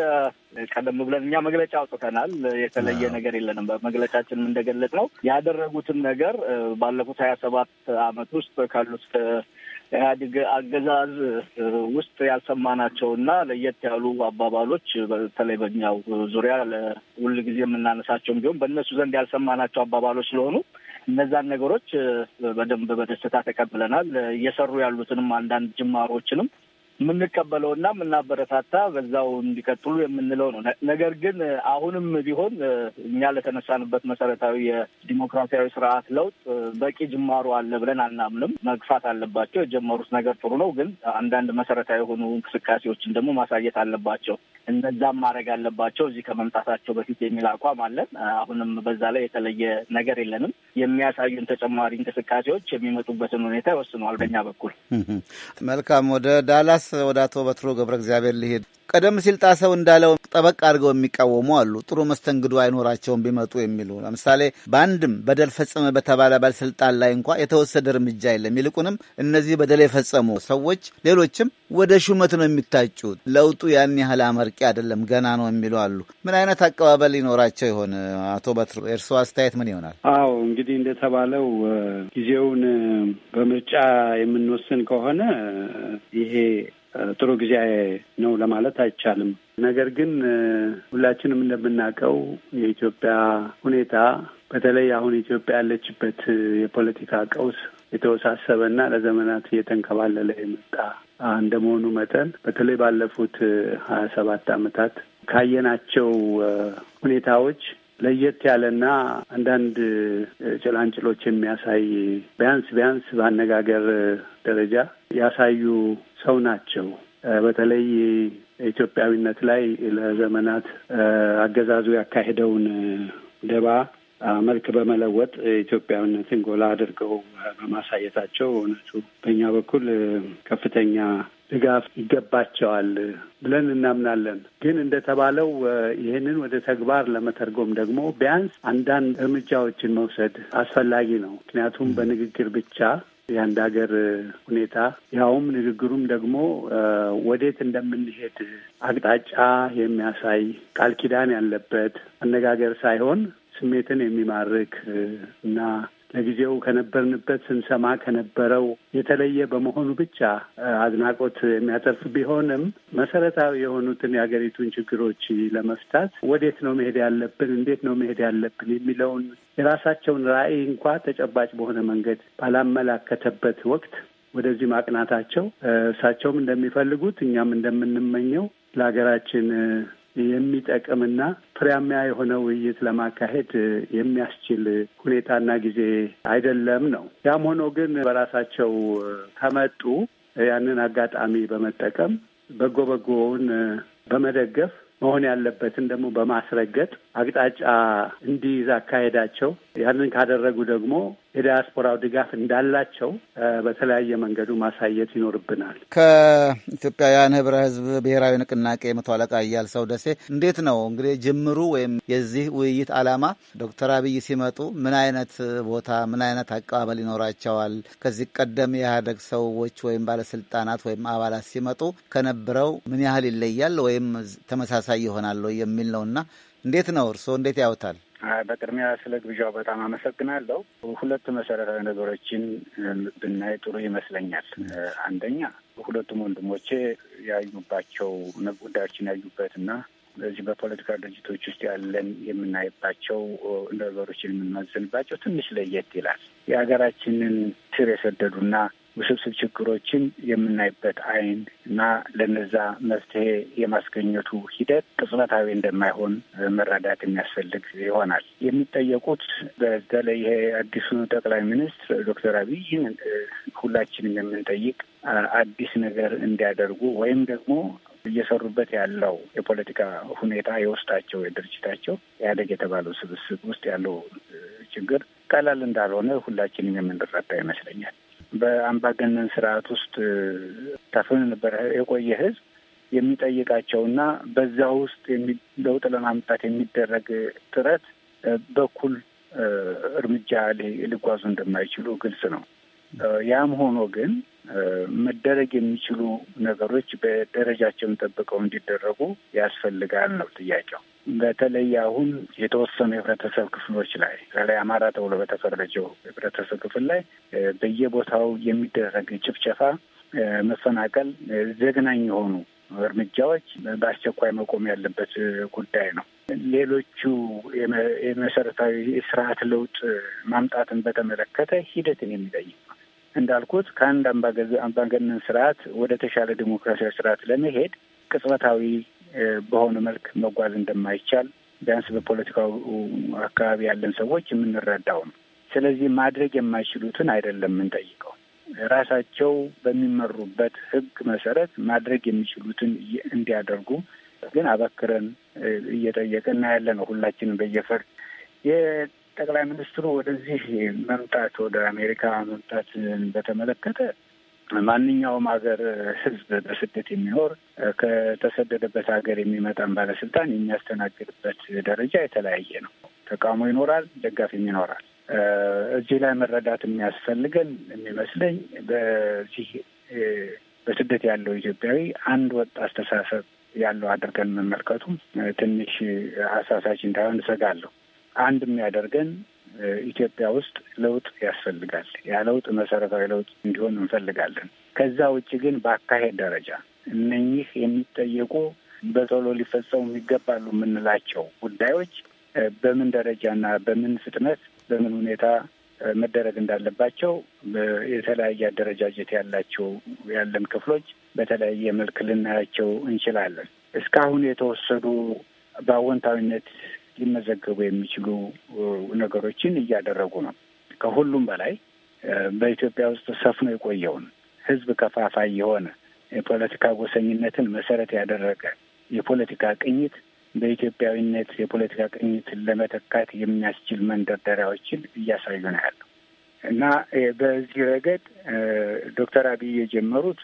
[SPEAKER 13] ቀደም ብለን እኛ መግለጫ አውጥተናል። የተለየ ነገር የለንም። በመግለጫችንም እንደገለጽ ነው ያደረጉትን ነገር ባለፉት ሀያ ሰባት አመት ውስጥ ካሉት ኢህአዲግ አገዛዝ ውስጥ ያልሰማናቸው እና ለየት ያሉ አባባሎች በተለይ በኛው ዙሪያ ሁል ጊዜ የምናነሳቸው ቢሆን በእነሱ ዘንድ ያልሰማናቸው አባባሎች ስለሆኑ እነዛን ነገሮች በደንብ በደስታ ተቀብለናል። እየሰሩ ያሉትንም አንዳንድ ጅማሮችንም የምንቀበለው እና የምናበረታታ በዛው እንዲቀጥሉ የምንለው ነው። ነገር ግን አሁንም ቢሆን እኛ ለተነሳንበት መሰረታዊ የዲሞክራሲያዊ ስርዓት ለውጥ በቂ ጅማሮ አለ ብለን አናምንም። መግፋት አለባቸው። የጀመሩት ነገር ጥሩ ነው፣ ግን አንዳንድ መሰረታዊ የሆኑ እንቅስቃሴዎችን ደግሞ ማሳየት አለባቸው። እነዛም ማድረግ አለባቸው እዚህ ከመምጣታቸው በፊት የሚል አቋም አለን። አሁንም በዛ ላይ የተለየ ነገር የለንም። የሚያሳዩን ተጨማሪ እንቅስቃሴዎች የሚመጡበትን ሁኔታ ይወስነዋል በኛ በኩል።
[SPEAKER 14] መልካም ወደ ዳላስ ወደ አቶ በትሮ ገብረ እግዚአብሔር ሊሄድ ቀደም ሲል ጣሰው እንዳለው ጠበቅ አድርገው የሚቃወሙ አሉ። ጥሩ መስተንግዶ አይኖራቸውም ቢመጡ የሚሉ ለምሳሌ በአንድም በደል ፈጸመ በተባለ ባለስልጣን ላይ እንኳ የተወሰደ እርምጃ የለም። ይልቁንም እነዚህ በደል የፈጸሙ ሰዎች ሌሎችም ወደ ሹመት ነው የሚታጩት። ለውጡ ያን ያህል አመርቂ አይደለም፣ ገና ነው የሚሉ አሉ። ምን አይነት አቀባበል ይኖራቸው ይሆን? አቶ በትሮ የእርስዎ አስተያየት ምን ይሆናል?
[SPEAKER 15] አዎ እንግዲህ እንደተባለው ጊዜውን በምርጫ የምንወስን ከሆነ ይሄ ጥሩ ጊዜ ነው ለማለት አይቻልም። ነገር ግን ሁላችንም እንደምናውቀው የኢትዮጵያ ሁኔታ በተለይ አሁን ኢትዮጵያ ያለችበት የፖለቲካ ቀውስ የተወሳሰበ እና ለዘመናት እየተንከባለለ የመጣ እንደመሆኑ መጠን በተለይ ባለፉት ሀያ ሰባት አመታት ካየናቸው ሁኔታዎች ለየት ያለና አንዳንድ ጭላንጭሎች የሚያሳይ ቢያንስ ቢያንስ በአነጋገር ደረጃ ያሳዩ ሰው ናቸው። በተለይ ኢትዮጵያዊነት ላይ ለዘመናት አገዛዙ ያካሄደውን ደባ መልክ በመለወጥ ኢትዮጵያዊነትን ጎላ አድርገው በማሳየታቸው እውነቱ በእኛ በኩል ከፍተኛ ድጋፍ ይገባቸዋል ብለን እናምናለን። ግን እንደተባለው ይህንን ወደ ተግባር ለመተርጎም ደግሞ ቢያንስ አንዳንድ እርምጃዎችን መውሰድ አስፈላጊ ነው። ምክንያቱም በንግግር ብቻ የአንድ ሀገር ሁኔታ ያውም ንግግሩም ደግሞ ወዴት እንደምንሄድ አቅጣጫ የሚያሳይ ቃል ኪዳን ያለበት አነጋገር ሳይሆን ስሜትን የሚማርክ እና ለጊዜው ከነበርንበት ስንሰማ ከነበረው የተለየ በመሆኑ ብቻ አድናቆት የሚያተርፍ ቢሆንም መሰረታዊ የሆኑትን የሀገሪቱን ችግሮች ለመፍታት ወዴት ነው መሄድ ያለብን፣ እንዴት ነው መሄድ ያለብን የሚለውን የራሳቸውን ራዕይ እንኳ ተጨባጭ በሆነ መንገድ ባላመላከተበት ወቅት ወደዚህ ማቅናታቸው እሳቸውም እንደሚፈልጉት እኛም እንደምንመኘው ለሀገራችን የሚጠቅምና ፍሬያማ የሆነ ውይይት ለማካሄድ የሚያስችል ሁኔታና ጊዜ አይደለም ነው። ያም ሆኖ ግን በራሳቸው ከመጡ ያንን አጋጣሚ በመጠቀም በጎ በጎውን በመደገፍ መሆን ያለበትን ደግሞ በማስረገጥ አቅጣጫ እንዲይዝ አካሄዳቸው። ያንን ካደረጉ ደግሞ የዲያስፖራው ድጋፍ እንዳላቸው በተለያየ መንገዱ ማሳየት ይኖርብናል።
[SPEAKER 14] ከኢትዮጵያውያን ህብረ ህዝብ ብሔራዊ ንቅናቄ መቶ አለቃ ሰው ደሴ፣ እንዴት ነው እንግዲህ ጅምሩ ወይም የዚህ ውይይት አላማ ዶክተር አብይ ሲመጡ ምን አይነት ቦታ ምን አይነት አቀባበል ይኖራቸዋል? ከዚህ ቀደም የኢህአደግ ሰዎች ወይም ባለስልጣናት ወይም አባላት ሲመጡ ከነበረው ምን ያህል ይለያል ወይም ተመሳሳይ ይሆናል የሚል ነውና እንዴት ነው እርስዎ እንዴት ያውታል?
[SPEAKER 16] በቅድሚያ ስለ ግብዣው በጣም አመሰግናለሁ። ሁለት መሰረታዊ ነገሮችን ብናይ ጥሩ ይመስለኛል። አንደኛ ሁለቱም ወንድሞቼ ያዩባቸው ጉዳዮችን ያዩበትና በዚህ በፖለቲካ ድርጅቶች ውስጥ ያለን የምናይባቸው ነገሮችን የምንመዝንባቸው ትንሽ ለየት ይላል። የሀገራችንን ስር የሰደዱና ውስብስብ ችግሮችን የምናይበት አይን እና ለነዛ መፍትሄ የማስገኘቱ ሂደት ቅጽበታዊ እንደማይሆን መረዳት የሚያስፈልግ ይሆናል። የሚጠየቁት በተለይ ይሄ አዲሱ ጠቅላይ ሚኒስትር ዶክተር አብይ ሁላችንም የምንጠይቅ አዲስ ነገር እንዲያደርጉ ወይም ደግሞ እየሰሩበት ያለው የፖለቲካ ሁኔታ የውስጣቸው የድርጅታቸው ኢህአዴግ የተባለው ስብስብ ውስጥ ያለው ችግር ቀላል እንዳልሆነ ሁላችንም የምንረዳ ይመስለኛል። በአምባገነን ስርዓት ውስጥ ታፍኖ ነበረ የቆየ ህዝብ የሚጠይቃቸውና በዛ ውስጥ ለውጥ ለማምጣት የሚደረግ ጥረት በኩል እርምጃ ሊጓዙ እንደማይችሉ ግልጽ ነው። ያም ሆኖ ግን መደረግ የሚችሉ ነገሮች በደረጃቸውን ጠብቀው እንዲደረጉ ያስፈልጋል ነው ጥያቄው። በተለይ አሁን የተወሰኑ የህብረተሰብ ክፍሎች ላይ በተለይ አማራ ተብሎ በተፈረጀው ህብረተሰብ ክፍል ላይ በየቦታው የሚደረግ ጭፍጨፋ፣ መፈናቀል ዘግናኝ የሆኑ እርምጃዎች በአስቸኳይ መቆም ያለበት ጉዳይ ነው። ሌሎቹ የመሰረታዊ ስርዓት ለውጥ ማምጣትን በተመለከተ ሂደትን የሚጠይቅ ነው። እንዳልኩት ከአንድ አምባገነን ስርዓት ወደ ተሻለ ዲሞክራሲያዊ ስርዓት ለመሄድ ቅጽበታዊ በሆነ መልክ መጓዝ እንደማይቻል ቢያንስ በፖለቲካው አካባቢ ያለን ሰዎች የምንረዳው ነው። ስለዚህ ማድረግ የማይችሉትን አይደለም የምንጠይቀው፣ ራሳቸው በሚመሩበት ሕግ መሰረት ማድረግ የሚችሉትን እንዲያደርጉ ግን አበክረን እየጠየቅን ያለ ነው። ሁላችንም በየፈር የጠቅላይ ሚኒስትሩ ወደዚህ መምጣት ወደ አሜሪካ መምጣትን በተመለከተ ማንኛውም ሀገር ህዝብ በስደት የሚኖር ከተሰደደበት ሀገር የሚመጣን ባለስልጣን የሚያስተናግድበት ደረጃ የተለያየ ነው። ተቃውሞ ይኖራል፣ ደጋፊም ይኖራል። እዚህ ላይ መረዳት የሚያስፈልገን የሚመስለኝ በዚህ በስደት ያለው ኢትዮጵያዊ አንድ ወጥ አስተሳሰብ ያለው አድርገን መመልከቱ ትንሽ አሳሳች እንዳይሆን እሰጋለሁ። አንድ የሚያደርገን ኢትዮጵያ ውስጥ ለውጥ ያስፈልጋል። ያ ለውጥ መሰረታዊ ለውጥ እንዲሆን እንፈልጋለን። ከዛ ውጭ ግን በአካሄድ ደረጃ እነኚህ የሚጠየቁ በቶሎ ሊፈጸሙ ይገባሉ የምንላቸው ጉዳዮች በምን ደረጃና በምን ፍጥነት በምን ሁኔታ መደረግ እንዳለባቸው የተለያየ አደረጃጀት ያላቸው ያለን ክፍሎች በተለያየ መልክ ልናያቸው እንችላለን። እስካሁን የተወሰዱ በአዎንታዊነት ሊመዘገቡ የሚችሉ ነገሮችን እያደረጉ ነው። ከሁሉም በላይ በኢትዮጵያ ውስጥ ሰፍኖ የቆየውን ህዝብ ከፋፋይ የሆነ የፖለቲካ ጎሰኝነትን መሰረት ያደረገ የፖለቲካ ቅኝት በኢትዮጵያዊነት የፖለቲካ ቅኝት ለመተካት የሚያስችል መንደርደሪያዎችን እያሳዩ ነው ያለው እና በዚህ ረገድ ዶክተር አብይ የጀመሩት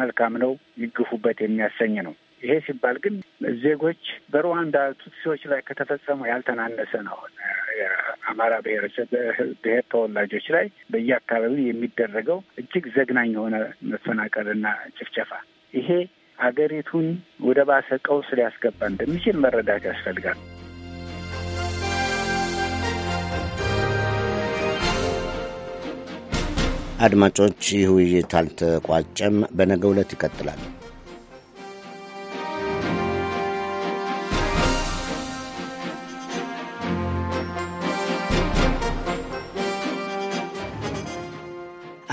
[SPEAKER 16] መልካም ነው፣ ይግፉበት የሚያሰኝ ነው። ይሄ ሲባል ግን ዜጎች በሩዋንዳ ቱትሲዎች ላይ ከተፈጸመው ያልተናነሰ ነው። የአማራ ብሔረሰብ ብሔር ተወላጆች ላይ በየአካባቢው የሚደረገው እጅግ ዘግናኝ የሆነ መፈናቀልና ጭፍጨፋ ይሄ አገሪቱን ወደ ባሰ ቀውስ ሊያስገባ እንደሚችል መረዳት ያስፈልጋል።
[SPEAKER 3] አድማጮች፣ ይህ ውይይት አልተቋጨም። በነገ ዕለት ይቀጥላል።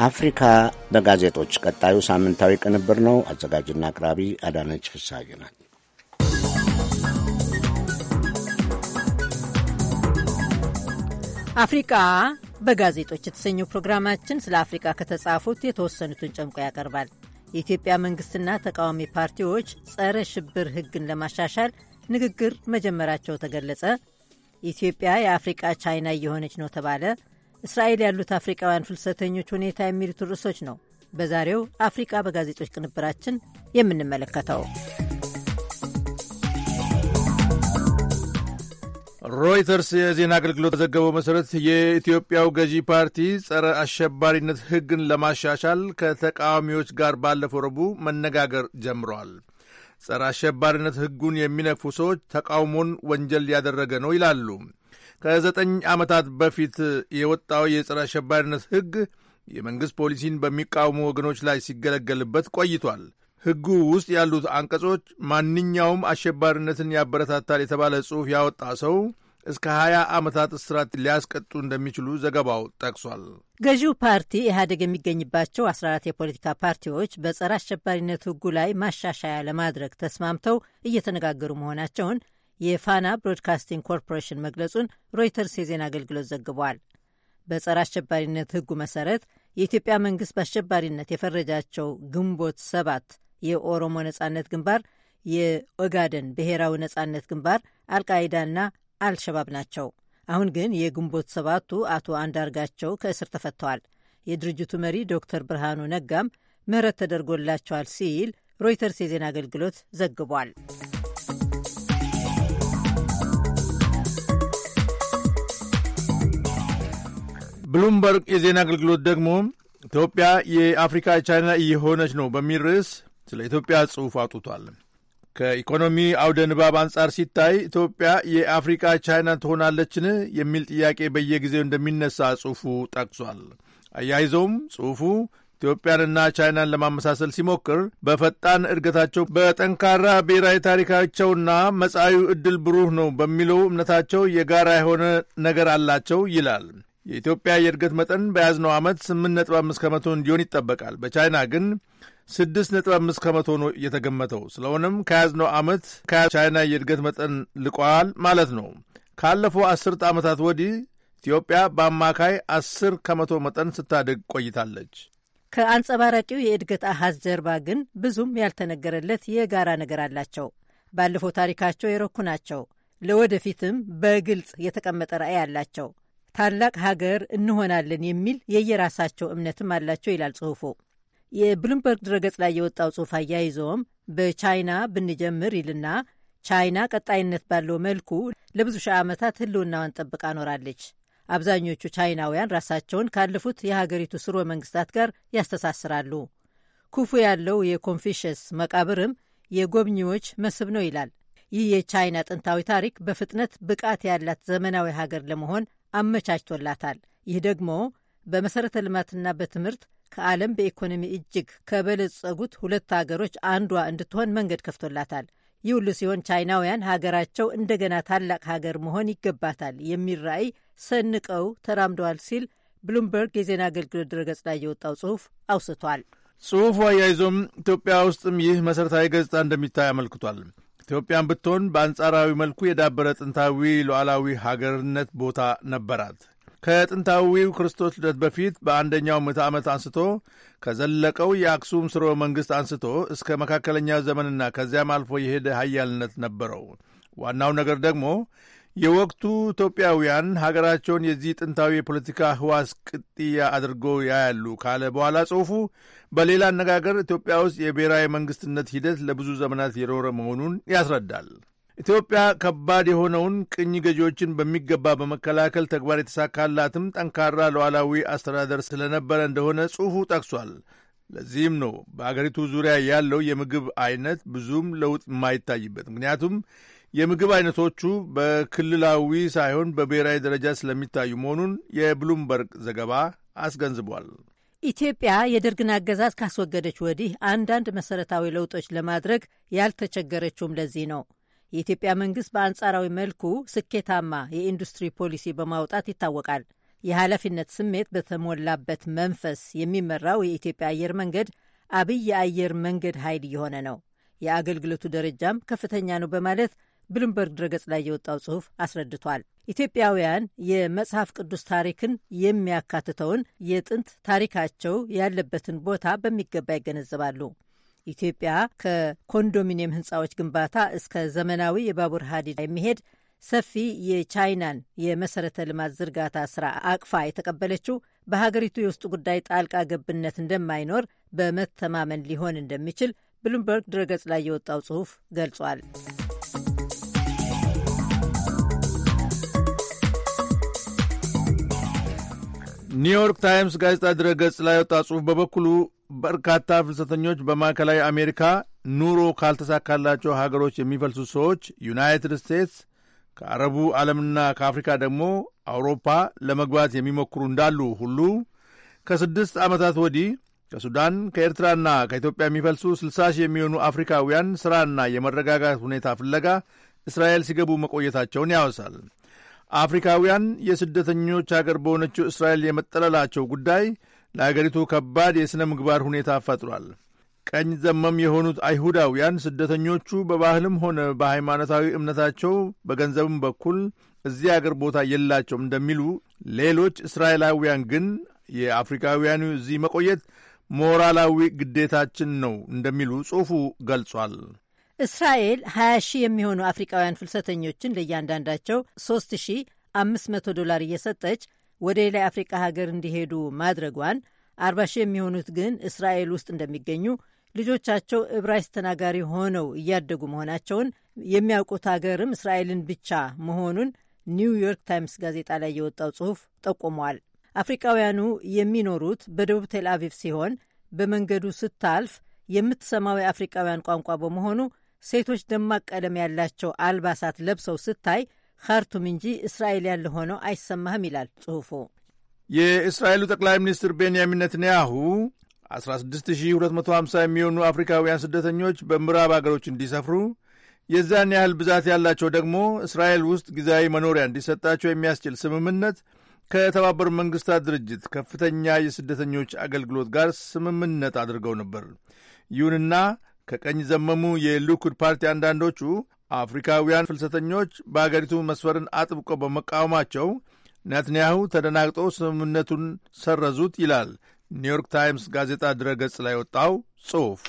[SPEAKER 3] አፍሪካ በጋዜጦች ቀጣዩ ሳምንታዊ ቅንብር ነው። አዘጋጅና አቅራቢ አዳነች ፍሳሐ ናት።
[SPEAKER 1] አፍሪቃ በጋዜጦች የተሰኘው ፕሮግራማችን ስለ አፍሪቃ ከተጻፉት የተወሰኑትን ጨምቆ ያቀርባል። የኢትዮጵያ መንግስትና ተቃዋሚ ፓርቲዎች ጸረ ሽብር ሕግን ለማሻሻል ንግግር መጀመራቸው ተገለጸ። ኢትዮጵያ የአፍሪቃ ቻይና እየሆነች ነው ተባለ። እስራኤል ያሉት አፍሪቃውያን ፍልሰተኞች ሁኔታ የሚሉት ርዕሶች ነው በዛሬው አፍሪቃ በጋዜጦች ቅንብራችን የምንመለከተው።
[SPEAKER 5] ሮይተርስ የዜና አገልግሎት በዘገበው መሠረት የኢትዮጵያው ገዢ ፓርቲ ጸረ አሸባሪነት ሕግን ለማሻሻል ከተቃዋሚዎች ጋር ባለፈው ረቡዕ መነጋገር ጀምረዋል። ጸረ አሸባሪነት ሕጉን የሚነቅፉ ሰዎች ተቃውሞን ወንጀል ያደረገ ነው ይላሉ። ከዘጠኝ ዓመታት በፊት የወጣው የጸረ አሸባሪነት ሕግ የመንግሥት ፖሊሲን በሚቃወሙ ወገኖች ላይ ሲገለገልበት ቆይቷል። ሕጉ ውስጥ ያሉት አንቀጾች ማንኛውም አሸባሪነትን ያበረታታል የተባለ ጽሑፍ ያወጣ ሰው እስከ 20 ዓመታት እስራት ሊያስቀጡ እንደሚችሉ ዘገባው ጠቅሷል።
[SPEAKER 1] ገዢው ፓርቲ ኢህአደግ የሚገኝባቸው 14 የፖለቲካ ፓርቲዎች በጸረ አሸባሪነት ሕጉ ላይ ማሻሻያ ለማድረግ ተስማምተው እየተነጋገሩ መሆናቸውን የፋና ብሮድካስቲንግ ኮርፖሬሽን መግለጹን ሮይተርስ የዜና አገልግሎት ዘግቧል። በጸረ አሸባሪነት ህጉ መሰረት የኢትዮጵያ መንግስት በአሸባሪነት የፈረጃቸው ግንቦት ሰባት የኦሮሞ ነጻነት ግንባር፣ የኦጋደን ብሔራዊ ነጻነት ግንባር፣ አልቃይዳና አልሸባብ ናቸው። አሁን ግን የግንቦት ሰባቱ አቶ አንዳርጋቸው ከእስር ተፈተዋል። የድርጅቱ መሪ ዶክተር ብርሃኑ ነጋም ምህረት ተደርጎላቸዋል ሲል ሮይተርስ የዜና አገልግሎት ዘግቧል።
[SPEAKER 5] ብሉምበርግ የዜና አገልግሎት ደግሞ ኢትዮጵያ የአፍሪካ ቻይና እየሆነች ነው በሚል ርዕስ ስለ ኢትዮጵያ ጽሑፍ አውጥቷል። ከኢኮኖሚ አውደ ንባብ አንጻር ሲታይ ኢትዮጵያ የአፍሪካ ቻይና ትሆናለችን የሚል ጥያቄ በየጊዜው እንደሚነሳ ጽሑፉ ጠቅሷል። አያይዘውም ጽሑፉ ኢትዮጵያንና ቻይናን ለማመሳሰል ሲሞክር በፈጣን እድገታቸው በጠንካራ ብሔራዊ ታሪካቸውና መጻዒው ዕድል ብሩህ ነው በሚለው እምነታቸው የጋራ የሆነ ነገር አላቸው ይላል። የኢትዮጵያ የእድገት መጠን በያዝነው ዓመት 8.5 ከመቶ እንዲሆን ይጠበቃል። በቻይና ግን 6.5 ከመቶ ነው እየተገመተው። ስለሆነም ከያዝነው ዓመት ከቻይና የእድገት መጠን ልቋል ማለት ነው። ካለፈው አስርት ዓመታት ወዲህ ኢትዮጵያ በአማካይ 10 ከመቶ መጠን ስታደግ ቆይታለች።
[SPEAKER 1] ከአንጸባራቂው የእድገት አሃዝ ጀርባ ግን ብዙም ያልተነገረለት የጋራ ነገር አላቸው። ባለፈው ታሪካቸው የረኩ ናቸው። ለወደፊትም በግልጽ የተቀመጠ ራዕይ አላቸው። ታላቅ ሀገር እንሆናለን የሚል የየራሳቸው እምነትም አላቸው ይላል ጽሁፉ የብሉምበርግ ድረገጽ ላይ የወጣው ጽሁፍ አያይዘውም በቻይና ብንጀምር ይልና ቻይና ቀጣይነት ባለው መልኩ ለብዙ ሺህ ዓመታት ህልውናዋን ጠብቃ ኖራለች። አብዛኞቹ ቻይናውያን ራሳቸውን ካለፉት የሀገሪቱ ስርወ መንግስታት ጋር ያስተሳስራሉ። ኩፉ ያለው የኮንፊሽየስ መቃብርም የጎብኚዎች መስህብ ነው ይላል። ይህ የቻይና ጥንታዊ ታሪክ በፍጥነት ብቃት ያላት ዘመናዊ ሀገር ለመሆን አመቻችቶላታል። ይህ ደግሞ በመሠረተ ልማትና በትምህርት ከዓለም በኢኮኖሚ እጅግ ከበለጸጉት ሁለት ሀገሮች አንዷ እንድትሆን መንገድ ከፍቶላታል። ይህ ሁሉ ሲሆን ቻይናውያን ሀገራቸው እንደገና ታላቅ ሀገር መሆን ይገባታል የሚል ራዕይ ሰንቀው ተራምደዋል ሲል ብሉምበርግ የዜና አገልግሎት ድረገጽ ላይ የወጣው ጽሑፍ አውስቷል።
[SPEAKER 5] ጽሑፉ አያይዞም ኢትዮጵያ ውስጥም ይህ መሠረታዊ ገጽታ እንደሚታይ አመልክቷል። ኢትዮጵያን ብትሆን በአንጻራዊ መልኩ የዳበረ ጥንታዊ ሉዓላዊ ሀገርነት ቦታ ነበራት። ከጥንታዊው ክርስቶስ ልደት በፊት በአንደኛው ምዕተ ዓመት አንስቶ ከዘለቀው የአክሱም ስርወ መንግሥት አንስቶ እስከ መካከለኛው ዘመንና ከዚያም አልፎ የሄደ ሀያልነት ነበረው። ዋናው ነገር ደግሞ የወቅቱ ኢትዮጵያውያን ሀገራቸውን የዚህ ጥንታዊ የፖለቲካ ህዋስ ቅጥያ አድርገው ያያሉ ካለ በኋላ ጽሑፉ በሌላ አነጋገር ኢትዮጵያ ውስጥ የብሔራዊ መንግስትነት ሂደት ለብዙ ዘመናት የኖረ መሆኑን ያስረዳል። ኢትዮጵያ ከባድ የሆነውን ቅኝ ገዢዎችን በሚገባ በመከላከል ተግባር የተሳካላትም ጠንካራ ሉዓላዊ አስተዳደር ስለነበረ እንደሆነ ጽሑፉ ጠቅሷል። ለዚህም ነው በአገሪቱ ዙሪያ ያለው የምግብ አይነት ብዙም ለውጥ የማይታይበት ምክንያቱም የምግብ አይነቶቹ በክልላዊ ሳይሆን በብሔራዊ ደረጃ ስለሚታዩ መሆኑን የብሉምበርግ ዘገባ አስገንዝቧል።
[SPEAKER 1] ኢትዮጵያ የደርግን አገዛዝ ካስወገደች ወዲህ አንዳንድ መሰረታዊ ለውጦች ለማድረግ ያልተቸገረችውም ለዚህ ነው። የኢትዮጵያ መንግስት በአንጻራዊ መልኩ ስኬታማ የኢንዱስትሪ ፖሊሲ በማውጣት ይታወቃል። የኃላፊነት ስሜት በተሞላበት መንፈስ የሚመራው የኢትዮጵያ አየር መንገድ አብይ የአየር መንገድ ኃይል እየሆነ ነው፣ የአገልግሎቱ ደረጃም ከፍተኛ ነው በማለት ብሉምበርግ ድረገጽ ላይ የወጣው ጽሑፍ አስረድቷል። ኢትዮጵያውያን የመጽሐፍ ቅዱስ ታሪክን የሚያካትተውን የጥንት ታሪካቸው ያለበትን ቦታ በሚገባ ይገነዘባሉ። ኢትዮጵያ ከኮንዶሚኒየም ህንፃዎች ግንባታ እስከ ዘመናዊ የባቡር ሀዲድ የሚሄድ ሰፊ የቻይናን የመሰረተ ልማት ዝርጋታ ስራ አቅፋ የተቀበለችው በሀገሪቱ የውስጥ ጉዳይ ጣልቃ ገብነት እንደማይኖር በመተማመን ሊሆን እንደሚችል ብሉምበርግ ድረገጽ ላይ የወጣው ጽሑፍ ገልጿል።
[SPEAKER 5] ኒውዮርክ ታይምስ ጋዜጣ ድረገጽ ላይ ወጣ ጽሑፍ በበኩሉ በርካታ ፍልሰተኞች በማዕከላዊ አሜሪካ ኑሮ ካልተሳካላቸው ሀገሮች የሚፈልሱ ሰዎች ዩናይትድ ስቴትስ ከአረቡ ዓለምና ከአፍሪካ ደግሞ አውሮፓ ለመግባት የሚሞክሩ እንዳሉ ሁሉ ከስድስት ዓመታት ወዲህ ከሱዳን ከኤርትራና ከኢትዮጵያ የሚፈልሱ ስልሳ ሺህ የሚሆኑ አፍሪካውያን ሥራና የመረጋጋት ሁኔታ ፍለጋ እስራኤል ሲገቡ መቆየታቸውን ያወሳል። አፍሪካውያን የስደተኞች አገር በሆነችው እስራኤል የመጠለላቸው ጉዳይ ለአገሪቱ ከባድ የሥነ ምግባር ሁኔታ ፈጥሯል። ቀኝ ዘመም የሆኑት አይሁዳውያን ስደተኞቹ በባህልም ሆነ በሃይማኖታዊ እምነታቸው በገንዘብም በኩል እዚህ አገር ቦታ የላቸውም እንደሚሉ፣ ሌሎች እስራኤላውያን ግን የአፍሪካውያኑ እዚህ መቆየት ሞራላዊ ግዴታችን ነው እንደሚሉ ጽሑፉ ገልጿል።
[SPEAKER 1] እስራኤል 20 ሺህ የሚሆኑ አፍሪካውያን ፍልሰተኞችን ለእያንዳንዳቸው 3500 ዶላር እየሰጠች ወደ ሌላ የአፍሪቃ ሀገር እንዲሄዱ ማድረጓን፣ 40 ሺህ የሚሆኑት ግን እስራኤል ውስጥ እንደሚገኙ ልጆቻቸው እብራይስ ተናጋሪ ሆነው እያደጉ መሆናቸውን የሚያውቁት ሀገርም እስራኤልን ብቻ መሆኑን ኒውዮርክ ታይምስ ጋዜጣ ላይ የወጣው ጽሑፍ ጠቁሟል። አፍሪቃውያኑ የሚኖሩት በደቡብ ቴል አቪቭ ሲሆን በመንገዱ ስታልፍ የምትሰማው የአፍሪቃውያን ቋንቋ በመሆኑ ሴቶች ደማቅ ቀለም ያላቸው አልባሳት ለብሰው ስታይ ካርቱም እንጂ እስራኤል ያለ ሆነው አይሰማህም ይላል ጽሑፉ።
[SPEAKER 5] የእስራኤሉ ጠቅላይ ሚኒስትር ቤንያሚን ነትንያሁ 16250 የሚሆኑ አፍሪካውያን ስደተኞች በምዕራብ አገሮች እንዲሰፍሩ የዛን ያህል ብዛት ያላቸው ደግሞ እስራኤል ውስጥ ጊዜያዊ መኖሪያ እንዲሰጣቸው የሚያስችል ስምምነት ከተባበሩት መንግስታት ድርጅት ከፍተኛ የስደተኞች አገልግሎት ጋር ስምምነት አድርገው ነበር። ይሁንና ከቀኝ ዘመሙ የሊኩድ ፓርቲ አንዳንዶቹ አፍሪካውያን ፍልሰተኞች በአገሪቱ መስፈርን አጥብቆ በመቃወማቸው ናትንያሁ ተደናግጦ ስምምነቱን ሰረዙት ይላል ኒውዮርክ ታይምስ ጋዜጣ ድረገጽ ላይ ወጣው ጽሑፍ።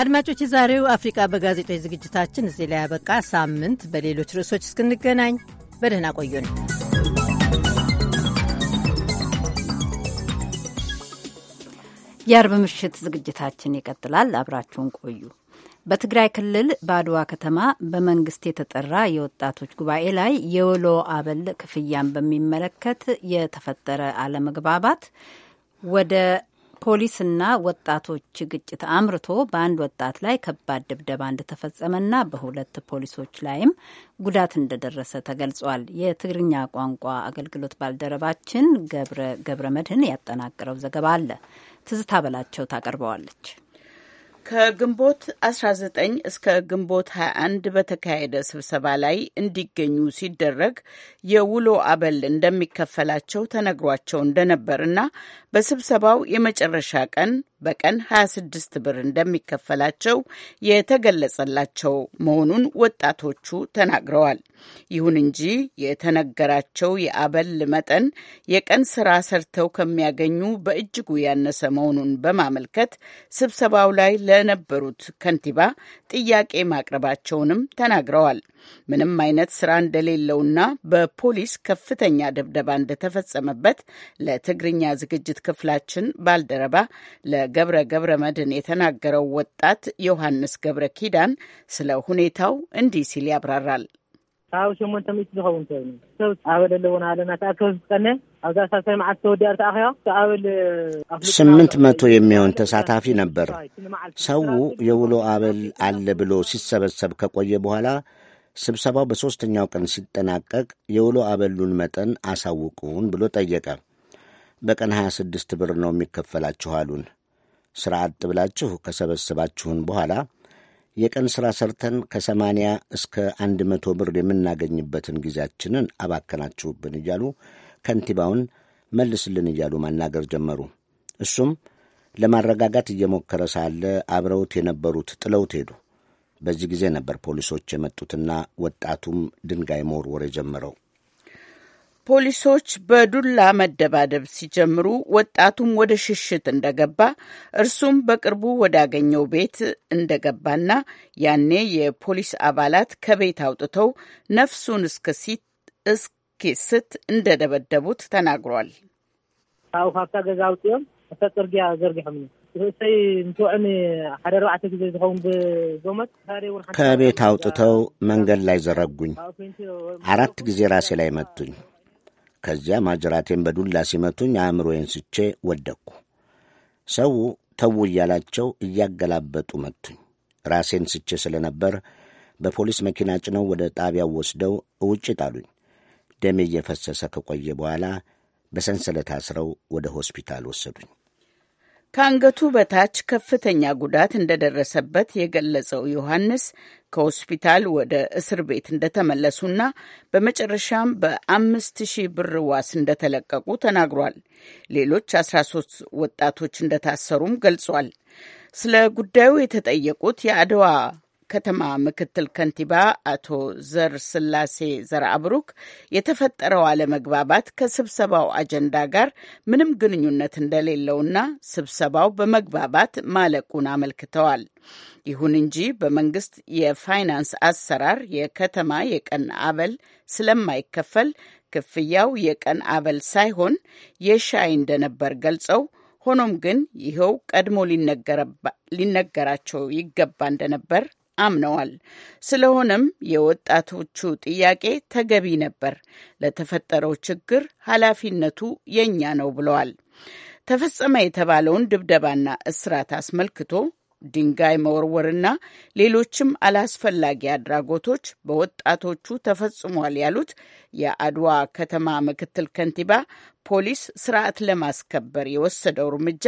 [SPEAKER 1] አድማጮች፣ የዛሬው አፍሪቃ በጋዜጦች ዝግጅታችን እዚህ ላይ ያበቃ። ሳምንት በሌሎች ርዕሶች እስክንገናኝ
[SPEAKER 2] በደህና ቆዩን። የአርብ ምሽት ዝግጅታችን ይቀጥላል። አብራችሁን ቆዩ። በትግራይ ክልል በአድዋ ከተማ በመንግስት የተጠራ የወጣቶች ጉባኤ ላይ የውሎ አበል ክፍያን በሚመለከት የተፈጠረ አለመግባባት ወደ ፖሊስና ወጣቶች ግጭት አምርቶ በአንድ ወጣት ላይ ከባድ ድብደባ እንደተፈጸመና በሁለት ፖሊሶች ላይም ጉዳት እንደደረሰ ተገልጿል። የትግርኛ ቋንቋ አገልግሎት ባልደረባችን ገብረ ገብረ መድህን ያጠናቅረው
[SPEAKER 17] ዘገባ አለ። ትዝታ በላቸው ታቀርበዋለች። ከግንቦት 19 እስከ ግንቦት 21 በተካሄደ ስብሰባ ላይ እንዲገኙ ሲደረግ የውሎ አበል እንደሚከፈላቸው ተነግሯቸው እንደነበርና በስብሰባው የመጨረሻ ቀን በቀን 26 ብር እንደሚከፈላቸው የተገለጸላቸው መሆኑን ወጣቶቹ ተናግረዋል። ይሁን እንጂ የተነገራቸው የአበል መጠን የቀን ስራ ሰርተው ከሚያገኙ በእጅጉ ያነሰ መሆኑን በማመልከት ስብሰባው ላይ ለ ለነበሩት ከንቲባ ጥያቄ ማቅረባቸውንም ተናግረዋል። ምንም አይነት ስራ እንደሌለውና በፖሊስ ከፍተኛ ድብደባ እንደተፈጸመበት ለትግርኛ ዝግጅት ክፍላችን ባልደረባ ለገብረ ገብረ መድን የተናገረው ወጣት ዮሐንስ ገብረ ኪዳን ስለ ሁኔታው እንዲህ ሲል ያብራራል።
[SPEAKER 1] ካብ ሸሞንተ ሚእቲ ዝኸውን ሰብ ሰብ ፃበል ኣለዎን ኣለና ተኣከብ ዝፀንሕ ኣብዛ ሳሳይ መዓልቲ ተወዲያ ተኣኸዮ ኣበል
[SPEAKER 3] ስምንት መቶ የሚሆን ተሳታፊ ነበር። ሰው የውሎ አበል አለ ብሎ ሲሰበሰብ ከቆየ በኋላ ስብሰባው በሦስተኛው ቀን ሲጠናቀቅ የውሎ አበሉን መጠን አሳውቁን ብሎ ጠየቀ። በቀን 26 ብር ነው የሚከፈላችሁ አሉን። ሥራ አጥ ብላችሁ ከሰበሰባችሁን በኋላ የቀን ሥራ ሰርተን ከሰማንያ እስከ አንድ መቶ ብር የምናገኝበትን ጊዜያችንን አባከናችሁብን እያሉ ከንቲባውን መልስልን እያሉ ማናገር ጀመሩ። እሱም ለማረጋጋት እየሞከረ ሳለ አብረውት የነበሩት ጥለውት ሄዱ። በዚህ ጊዜ ነበር ፖሊሶች የመጡትና ወጣቱም ድንጋይ መወርወር የጀመረው።
[SPEAKER 17] ፖሊሶች በዱላ መደባደብ ሲጀምሩ ወጣቱም ወደ ሽሽት እንደገባ እርሱም በቅርቡ ወዳገኘው ቤት እንደገባና ያኔ የፖሊስ አባላት ከቤት አውጥተው ነፍሱን እስኪስት እንደደበደቡት ተናግሯል።
[SPEAKER 1] ካብኡ ካብታ ገዛ ፅርግያ ዘርጊሖም እንትውዕን ሓደ ኣርባዕተ ግዜ ዝኸውን ብዞመት
[SPEAKER 3] ከቤት አውጥተው መንገድ ላይ ዘረጉኝ። አራት ጊዜ ራሴ ላይ መቱኝ። ከዚያ ማጅራቴን በዱላ ሲመቱኝ አእምሮዬን ስቼ ወደቅኩ። ሰው ተዉ እያላቸው እያገላበጡ መቱኝ። ራሴን ስቼ ስለነበር በፖሊስ መኪና ጭነው ወደ ጣቢያው ወስደው እውጭ ጣሉኝ። ደሜ እየፈሰሰ ከቆየ በኋላ በሰንሰለት አስረው ወደ ሆስፒታል ወሰዱኝ።
[SPEAKER 17] ከአንገቱ በታች ከፍተኛ ጉዳት እንደደረሰበት የገለጸው ዮሐንስ ከሆስፒታል ወደ እስር ቤት እንደተመለሱና በመጨረሻም በአምስት ሺህ ብር ዋስ እንደተለቀቁ ተናግሯል። ሌሎች 13 ወጣቶች እንደታሰሩም ገልጿል። ስለ ጉዳዩ የተጠየቁት የአድዋ ከተማ ምክትል ከንቲባ አቶ ዘር ስላሴ ዘር አብሩክ የተፈጠረው አለመግባባት ከስብሰባው አጀንዳ ጋር ምንም ግንኙነት እንደሌለውና ስብሰባው በመግባባት ማለቁን አመልክተዋል። ይሁን እንጂ በመንግስት የፋይናንስ አሰራር የከተማ የቀን አበል ስለማይከፈል ክፍያው የቀን አበል ሳይሆን የሻይ እንደነበር ገልጸው ሆኖም ግን ይኸው ቀድሞ ሊነገራቸው ይገባ እንደነበር አምነዋል። ስለሆነም የወጣቶቹ ጥያቄ ተገቢ ነበር፣ ለተፈጠረው ችግር ኃላፊነቱ የእኛ ነው ብለዋል። ተፈጸመ የተባለውን ድብደባና እስራት አስመልክቶ ድንጋይ መወርወርና ሌሎችም አላስፈላጊ አድራጎቶች በወጣቶቹ ተፈጽሟል ያሉት የአድዋ ከተማ ምክትል ከንቲባ ፖሊስ ስርዓት ለማስከበር የወሰደው እርምጃ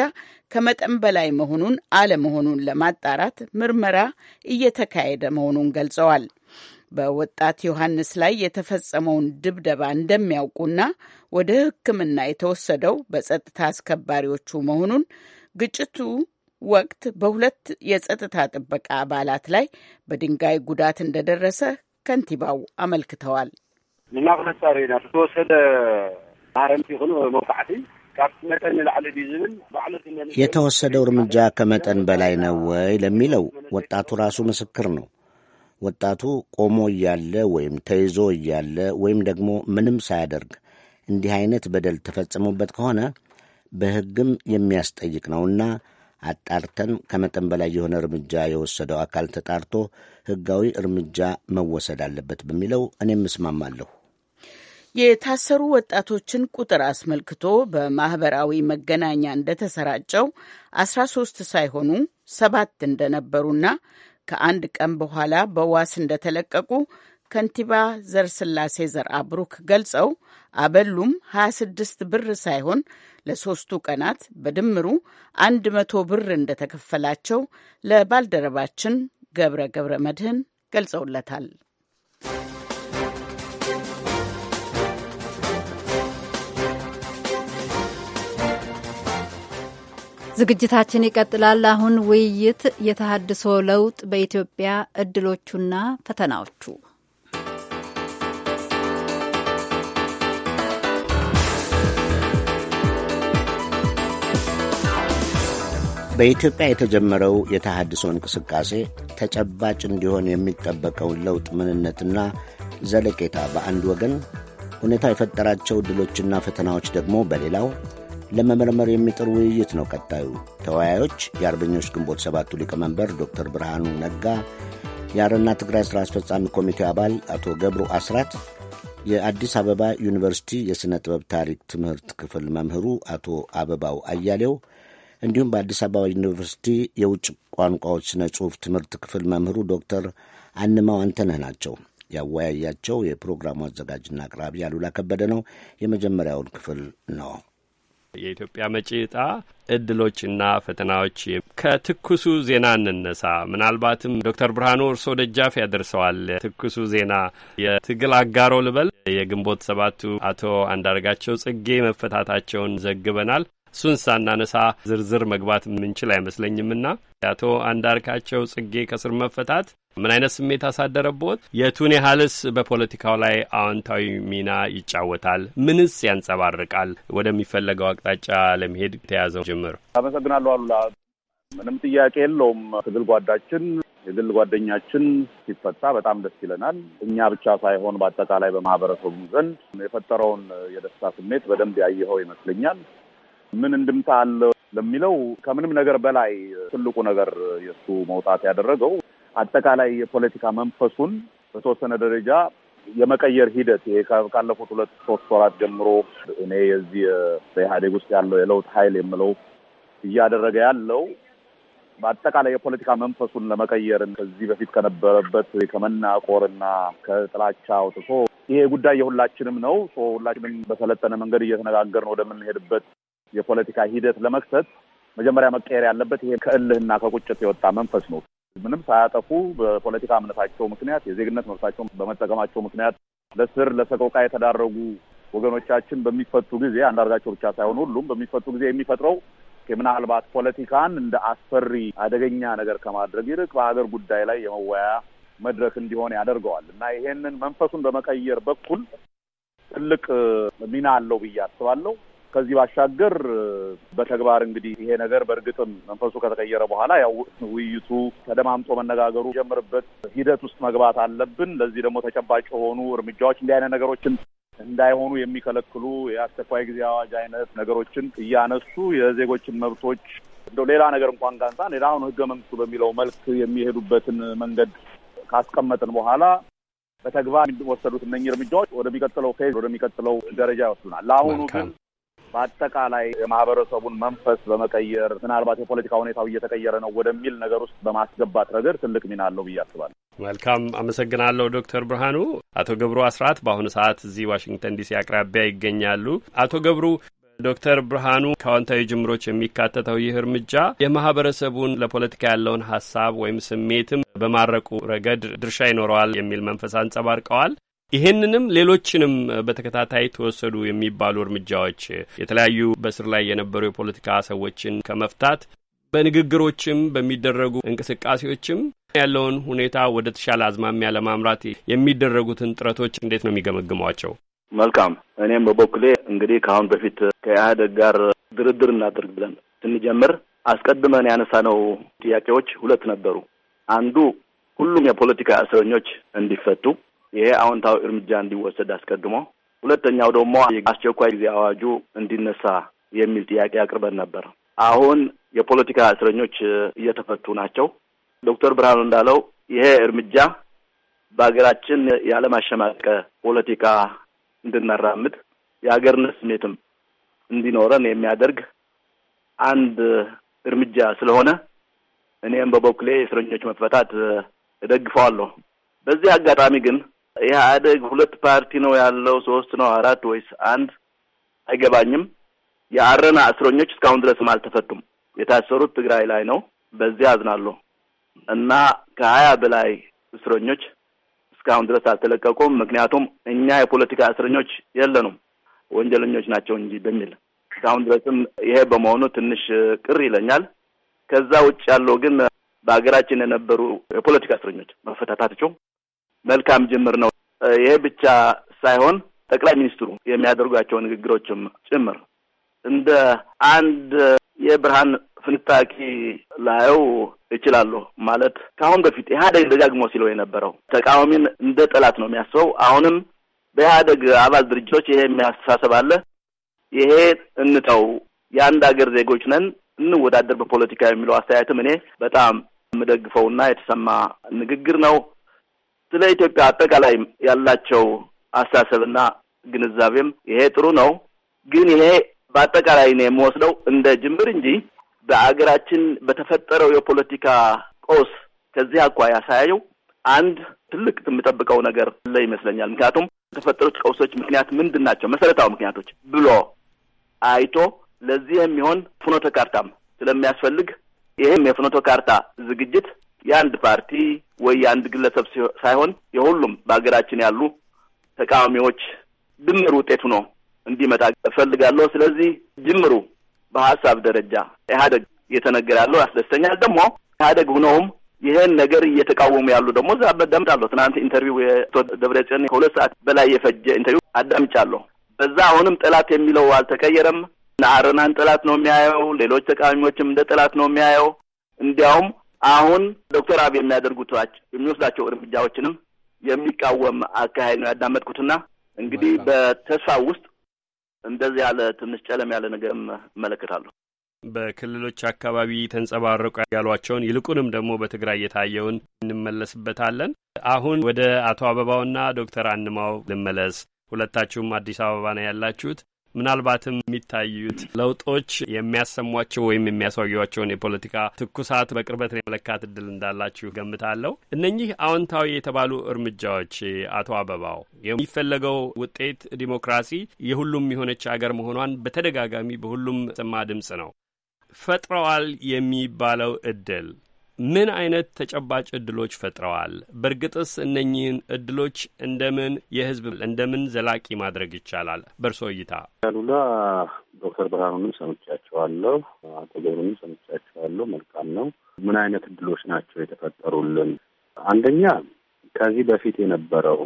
[SPEAKER 17] ከመጠን በላይ መሆኑን አለመሆኑን ለማጣራት ምርመራ እየተካሄደ መሆኑን ገልጸዋል። በወጣት ዮሐንስ ላይ የተፈጸመውን ድብደባ እንደሚያውቁና ወደ ሕክምና የተወሰደው በጸጥታ አስከባሪዎቹ መሆኑን ግጭቱ ወቅት በሁለት የጸጥታ ጥበቃ አባላት ላይ በድንጋይ ጉዳት እንደደረሰ ከንቲባው አመልክተዋል።
[SPEAKER 12] ንናብ
[SPEAKER 18] መሳሪ ኢና ማረምቲ ይኹኑ መውቃዕቲ መጠን ንላዕሊ ድዩ ዝብል
[SPEAKER 14] ባዕሉ
[SPEAKER 3] የተወሰደው እርምጃ ከመጠን በላይ ነው ወይ ለሚለው ወጣቱ ራሱ ምስክር ነው። ወጣቱ ቆሞ እያለ ወይም ተይዞ እያለ ወይም ደግሞ ምንም ሳያደርግ እንዲህ አይነት በደል ተፈጽሞበት ከሆነ በሕግም የሚያስጠይቅ ነውና አጣርተን ከመጠን በላይ የሆነ እርምጃ የወሰደው አካል ተጣርቶ ሕጋዊ እርምጃ መወሰድ አለበት በሚለው እኔም እስማማለሁ።
[SPEAKER 17] የታሰሩ ወጣቶችን ቁጥር አስመልክቶ በማህበራዊ መገናኛ እንደተሰራጨው 13 ሳይሆኑ ሰባት እንደነበሩና ከአንድ ቀን በኋላ በዋስ እንደተለቀቁ ከንቲባ ዘርስላሴ ዘርአ ብሩክ ገልጸው አበሉም 26 ብር ሳይሆን ለሶስቱ ቀናት በድምሩ 100 ብር እንደተከፈላቸው ለባልደረባችን ገብረ ገብረ መድህን ገልጸውለታል።
[SPEAKER 2] ዝግጅታችን ይቀጥላል። አሁን ውይይት የተሃድሶ ለውጥ በኢትዮጵያ እድሎቹና ፈተናዎቹ
[SPEAKER 3] በኢትዮጵያ የተጀመረው የተሃድሶ እንቅስቃሴ ተጨባጭ እንዲሆን የሚጠበቀውን ለውጥ ምንነትና ዘለቄታ በአንድ ወገን፣ ሁኔታው የፈጠራቸው ድሎችና ፈተናዎች ደግሞ በሌላው ለመመርመር የሚጥር ውይይት ነው። ቀጣዩ ተወያዮች የአርበኞች ግንቦት ሰባቱ ሊቀመንበር ዶክተር ብርሃኑ ነጋ፣ የአረና ትግራይ ሥራ አስፈጻሚ ኮሚቴ አባል አቶ ገብሩ አስራት፣ የአዲስ አበባ ዩኒቨርሲቲ የሥነ ጥበብ ታሪክ ትምህርት ክፍል መምህሩ አቶ አበባው አያሌው እንዲሁም በአዲስ አበባ ዩኒቨርሲቲ የውጭ ቋንቋዎች ስነ ጽሁፍ ትምህርት ክፍል መምህሩ ዶክተር አንማው አንተነህ ናቸው። ያወያያቸው የፕሮግራሙ አዘጋጅና አቅራቢ አሉላ ከበደ ነው። የመጀመሪያውን ክፍል ነው።
[SPEAKER 19] የኢትዮጵያ መጪ እድሎችና ፈተናዎች። ከትኩሱ ዜና እንነሳ። ምናልባትም ዶክተር ብርሃኑ እርሶ ደጃፍ ያደርሰዋል። ትኩሱ ዜና የትግል አጋሮ ልበል፣ የግንቦት ሰባቱ አቶ አንዳርጋቸው ጽጌ መፈታታቸውን ዘግበናል። እሱን ሳናነሳ ዝርዝር መግባት የምንችል አይመስለኝምና አቶ አንዳርካቸው ጽጌ ከስር መፈታት ምን አይነት ስሜት አሳደረቦት? የቱን ያህልስ በፖለቲካው ላይ አዎንታዊ ሚና ይጫወታል? ምንስ ያንጸባርቃል? ወደሚፈለገው አቅጣጫ ለመሄድ ተያዘው ጅምር።
[SPEAKER 7] አመሰግናለሁ አሉላ። ምንም ጥያቄ የለውም። ትግል ጓዳችን የግል ጓደኛችን ሲፈታ በጣም ደስ ይለናል። እኛ ብቻ ሳይሆን በአጠቃላይ በማህበረሰቡ ዘንድ የፈጠረውን የደስታ ስሜት በደንብ ያየኸው ይመስለኛል። ምን እንድምታ አለ ለሚለው ከምንም ነገር በላይ ትልቁ ነገር የእሱ መውጣት ያደረገው አጠቃላይ የፖለቲካ መንፈሱን በተወሰነ ደረጃ የመቀየር ሂደት ይሄ ካለፉት ሁለት ሶስት ወራት ጀምሮ እኔ የዚህ በኢህአዴግ ውስጥ ያለው የለውጥ ኃይል የምለው እያደረገ ያለው በአጠቃላይ የፖለቲካ መንፈሱን ለመቀየር ከዚህ በፊት ከነበረበት ከመናቆርና ከጥላቻ አውጥቶ ይሄ ጉዳይ የሁላችንም ነው፣ ሁላችንም በሰለጠነ መንገድ እየተነጋገርን ወደምንሄድበት የፖለቲካ ሂደት ለመክሰት መጀመሪያ መቀየር ያለበት ይሄ ከእልህና ከቁጭት የወጣ መንፈስ ነው። ምንም ሳያጠፉ በፖለቲካ እምነታቸው ምክንያት የዜግነት መብታቸውን በመጠቀማቸው ምክንያት ለስር ለሰቆቃ የተዳረጉ ወገኖቻችን በሚፈቱ ጊዜ አንዳርጋቸው ብቻ ሳይሆን ሁሉም በሚፈቱ ጊዜ የሚፈጥረው ምናልባት ፖለቲካን እንደ አስፈሪ አደገኛ ነገር ከማድረግ ይልቅ በሀገር ጉዳይ ላይ የመወያያ መድረክ እንዲሆን ያደርገዋል እና ይሄንን መንፈሱን በመቀየር በኩል ትልቅ ሚና አለው ብዬ አስባለሁ። ከዚህ ባሻገር በተግባር እንግዲህ ይሄ ነገር በእርግጥም መንፈሱ ከተቀየረ በኋላ ያው ውይይቱ ተደማምጦ መነጋገሩ ጀምርበት ሂደት ውስጥ መግባት አለብን። ለዚህ ደግሞ ተጨባጭ የሆኑ እርምጃዎች እንዲህ አይነት ነገሮችን እንዳይሆኑ የሚከለክሉ የአስቸኳይ ጊዜ አዋጅ አይነት ነገሮችን እያነሱ የዜጎችን መብቶች እንደው ሌላ ነገር እንኳን ጋንሳን ሌላ አሁን ህገ መንግስቱ በሚለው መልክ የሚሄዱበትን መንገድ ካስቀመጥን በኋላ በተግባር የሚወሰዱት እነኚህ እርምጃዎች ወደሚቀጥለው ፌዝ ወደሚቀጥለው ደረጃ ይወስዱናል። ለአሁኑ ግን በአጠቃላይ የማህበረሰቡን መንፈስ በመቀየር ምናልባት የፖለቲካ ሁኔታው እየተቀየረ ነው ወደሚል ነገር ውስጥ በማስገባት ረገድ ትልቅ ሚና አለው ብዬ አስባለሁ።
[SPEAKER 19] መልካም አመሰግናለሁ ዶክተር ብርሃኑ። አቶ ገብሩ አስራት በአሁኑ ሰዓት እዚህ ዋሽንግተን ዲሲ አቅራቢያ ይገኛሉ። አቶ ገብሩ ዶክተር ብርሃኑ ከአዎንታዊ ጅምሮች የሚካተተው ይህ እርምጃ የማህበረሰቡን ለፖለቲካ ያለውን ሀሳብ ወይም ስሜትም በማረቁ ረገድ ድርሻ ይኖረዋል የሚል መንፈስ አንጸባርቀዋል። ይህንንም ሌሎችንም በተከታታይ ተወሰዱ የሚባሉ እርምጃዎች የተለያዩ በስር ላይ የነበሩ የፖለቲካ ሰዎችን ከመፍታት በንግግሮችም በሚደረጉ እንቅስቃሴዎችም ያለውን ሁኔታ ወደ ተሻለ አዝማሚያ ለማምራት የሚደረጉትን ጥረቶች እንዴት ነው የሚገመግሟቸው?
[SPEAKER 8] መልካም። እኔም በበኩሌ እንግዲህ ከአሁን በፊት ከኢህአደግ ጋር ድርድር እናድርግ ብለን ስንጀምር አስቀድመን ያነሳነው ጥያቄዎች ሁለት ነበሩ። አንዱ ሁሉም የፖለቲካ እስረኞች እንዲፈቱ፣ ይሄ አዎንታዊ እርምጃ እንዲወሰድ አስቀድሞ፣ ሁለተኛው ደግሞ አስቸኳይ ጊዜ አዋጁ እንዲነሳ የሚል ጥያቄ አቅርበን ነበር። አሁን የፖለቲካ እስረኞች እየተፈቱ ናቸው። ዶክተር ብርሃኑ እንዳለው ይሄ እርምጃ በሀገራችን ያለማሸማቀ ፖለቲካ እንድናራምድ የሀገርነት ስሜትም እንዲኖረን የሚያደርግ አንድ እርምጃ ስለሆነ እኔም በበኩሌ እስረኞች መፈታት እደግፈዋለሁ። በዚህ አጋጣሚ ግን ኢህአዴግ ሁለት ፓርቲ ነው ያለው፣ ሶስት ነው አራት ወይስ አንድ አይገባኝም። የአረና እስረኞች እስካሁን ድረስም አልተፈቱም። የታሰሩት ትግራይ ላይ ነው። በዚያ አዝናለሁ እና ከሀያ በላይ እስረኞች እስካሁን ድረስ አልተለቀቁም። ምክንያቱም እኛ የፖለቲካ እስረኞች የለንም ወንጀለኞች ናቸው እንጂ በሚል እስካሁን ድረስም ይሄ በመሆኑ ትንሽ ቅር ይለኛል። ከዛ ውጭ ያለው ግን በሀገራችን የነበሩ የፖለቲካ እስረኞች መፈታታቸው መልካም ጅምር ነው። ይሄ ብቻ ሳይሆን ጠቅላይ ሚኒስትሩ የሚያደርጓቸው ንግግሮችም ጭምር እንደ አንድ የብርሃን ፍንጣቂ ላየው እችላለሁ። ማለት ከአሁን በፊት ኢህአደግ ደጋግሞ ሲለው የነበረው ተቃዋሚን እንደ ጠላት ነው የሚያስበው። አሁንም በኢህአደግ አባል ድርጅቶች ይሄ የሚያስተሳሰብ አለ። ይሄ እንተው፣ የአንድ ሀገር ዜጎች ነን፣ እንወዳደር በፖለቲካ የሚለው አስተያየትም እኔ በጣም የምደግፈውና የተሰማ ንግግር ነው። ስለ ኢትዮጵያ አጠቃላይ ያላቸው አስተሳሰብና ግንዛቤም ይሄ ጥሩ ነው። ግን ይሄ በአጠቃላይ ነው የምወስደው እንደ ጅምር እንጂ በአገራችን በተፈጠረው የፖለቲካ ቀውስ ከዚህ አኳያ ሳያየው አንድ ትልቅ የምጠብቀው ነገር ለ ይመስለኛል። ምክንያቱም የተፈጠሩት ቀውሶች ምክንያት ምንድን ናቸው? መሰረታዊ ምክንያቶች ብሎ አይቶ ለዚህ የሚሆን ፍኖተ ካርታም ስለሚያስፈልግ ይህም የፍኖተ ካርታ ዝግጅት የአንድ ፓርቲ ወይ የአንድ ግለሰብ ሳይሆን የሁሉም በሀገራችን ያሉ ተቃዋሚዎች ድምር ውጤቱ ነው እንዲመጣ እፈልጋለሁ። ስለዚህ ጅምሩ በሀሳብ ደረጃ ኢህአደግ እየተነገረ ያለው ያስደስተኛል። ደግሞ ኢህአደግ ሆነውም ይህን ነገር እየተቃወሙ ያሉ ደግሞ እዛ አዳምጣለሁ። ትናንት ኢንተርቪው የቶ ደብረጽዮን ከሁለት ሰዓት በላይ የፈጀ ኢንተርቪው አዳምጫለሁ። በዛ አሁንም ጠላት የሚለው አልተቀየረም። አረናን ጠላት ነው የሚያየው፣ ሌሎች ተቃዋሚዎችም እንደ ጠላት ነው የሚያየው። እንዲያውም አሁን ዶክተር አብይ የሚያደርጉት የሚወስዳቸው እርምጃዎችንም የሚቃወም አካሄድ ነው ያዳመጥኩትና እንግዲህ በተስፋ ውስጥ እንደዚህ ያለ ትንሽ ጨለም ያለ ነገርም እመለከታለሁ።
[SPEAKER 19] በክልሎች አካባቢ ተንጸባረቁ ያሏቸውን ይልቁንም ደግሞ በትግራይ የታየውን እንመለስበታለን። አሁን ወደ አቶ አበባውና ዶክተር አንማው ልመለስ። ሁለታችሁም አዲስ አበባ ነው ያላችሁት። ምናልባትም የሚታዩት ለውጦች የሚያሰሟቸው ወይም የሚያሳዩቸውን የፖለቲካ ትኩሳት በቅርበት የመለካት እድል እንዳላችሁ ገምታለሁ። እነኚህ አዎንታዊ የተባሉ እርምጃዎች አቶ አበባው የሚፈለገው ውጤት ዲሞክራሲ የሁሉም የሆነች አገር መሆኗን በተደጋጋሚ በሁሉም ሰማ ድምጽ ነው። ፈጥረዋል የሚባለው እድል ምን አይነት ተጨባጭ እድሎች ፈጥረዋል? በእርግጥስ እነኚህን እድሎች እንደምን የህዝብ እንደምን ዘላቂ ማድረግ ይቻላል? በእርሶ እይታ
[SPEAKER 18] ያሉላ ዶክተር ብርሃኑንም ሰምቻቸዋለሁ፣ አቶ ገብሩንም ሰምቻቸዋለሁ። መልካም ነው። ምን አይነት እድሎች ናቸው የተፈጠሩልን? አንደኛ ከዚህ በፊት የነበረው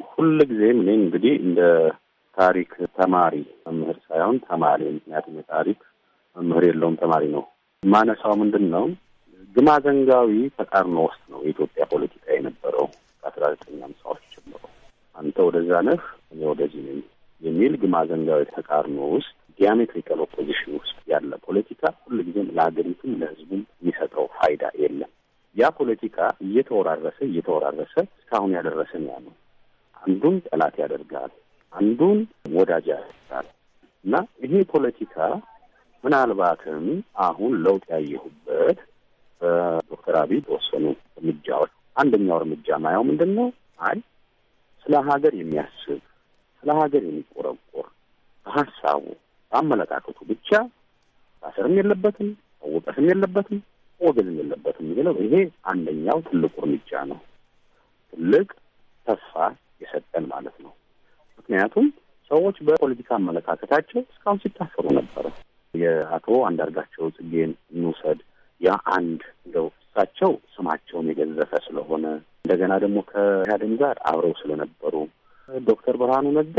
[SPEAKER 18] ጊዜም እኔ እንግዲህ እንደ ታሪክ ተማሪ መምህር ሳይሆን ተማሪ፣ ምክንያቱም የታሪክ መምህር የለውም ተማሪ ነው። ማነሳው ምንድን ነው ግማዘንጋዊ ተቃርኖ ውስጥ ነው የኢትዮጵያ ፖለቲካ የነበረው ከአስራ ዘጠኝ ሀምሳዎች ጀምሮ አንተ ወደዛ ነህ እኔ ወደዚህ ነኝ የሚል ግማዘንጋዊ ተቃርኖ ውስጥ ዲያሜትሪካል ኦፖዚሽን ውስጥ ያለ ፖለቲካ ሁልጊዜም ለሀገሪቱም ለህዝቡም የሚሰጠው ፋይዳ የለም። ያ ፖለቲካ እየተወራረሰ እየተወራረሰ እስካሁን ያደረሰን ያ ነው። አንዱን ጠላት ያደርጋል፣ አንዱን ወዳጅ ያደርጋል እና ይሄ ፖለቲካ ምናልባትም አሁን ለውጥ ያየሁበት በዶክተር አብይ ተወሰኑ እርምጃዎች አንደኛው እርምጃ ማየው ምንድን ነው? አይ ስለ ሀገር የሚያስብ ስለ ሀገር የሚቆረቆር በሀሳቡ በአመለካከቱ ብቻ ታሰርም የለበትም መወቀስም የለበትም ወገዝም የለበትም የሚለው ይሄ አንደኛው ትልቁ እርምጃ ነው። ትልቅ ተስፋ የሰጠን ማለት ነው። ምክንያቱም ሰዎች በፖለቲካ አመለካከታቸው እስካሁን ሲታሰሩ ነበረ። የአቶ አንዳርጋቸው ጽጌን እንውሰድ። ያ አንድ ከኢህአዴን ጋር አብረው ስለነበሩ ዶክተር ብርሃኑ ነጋ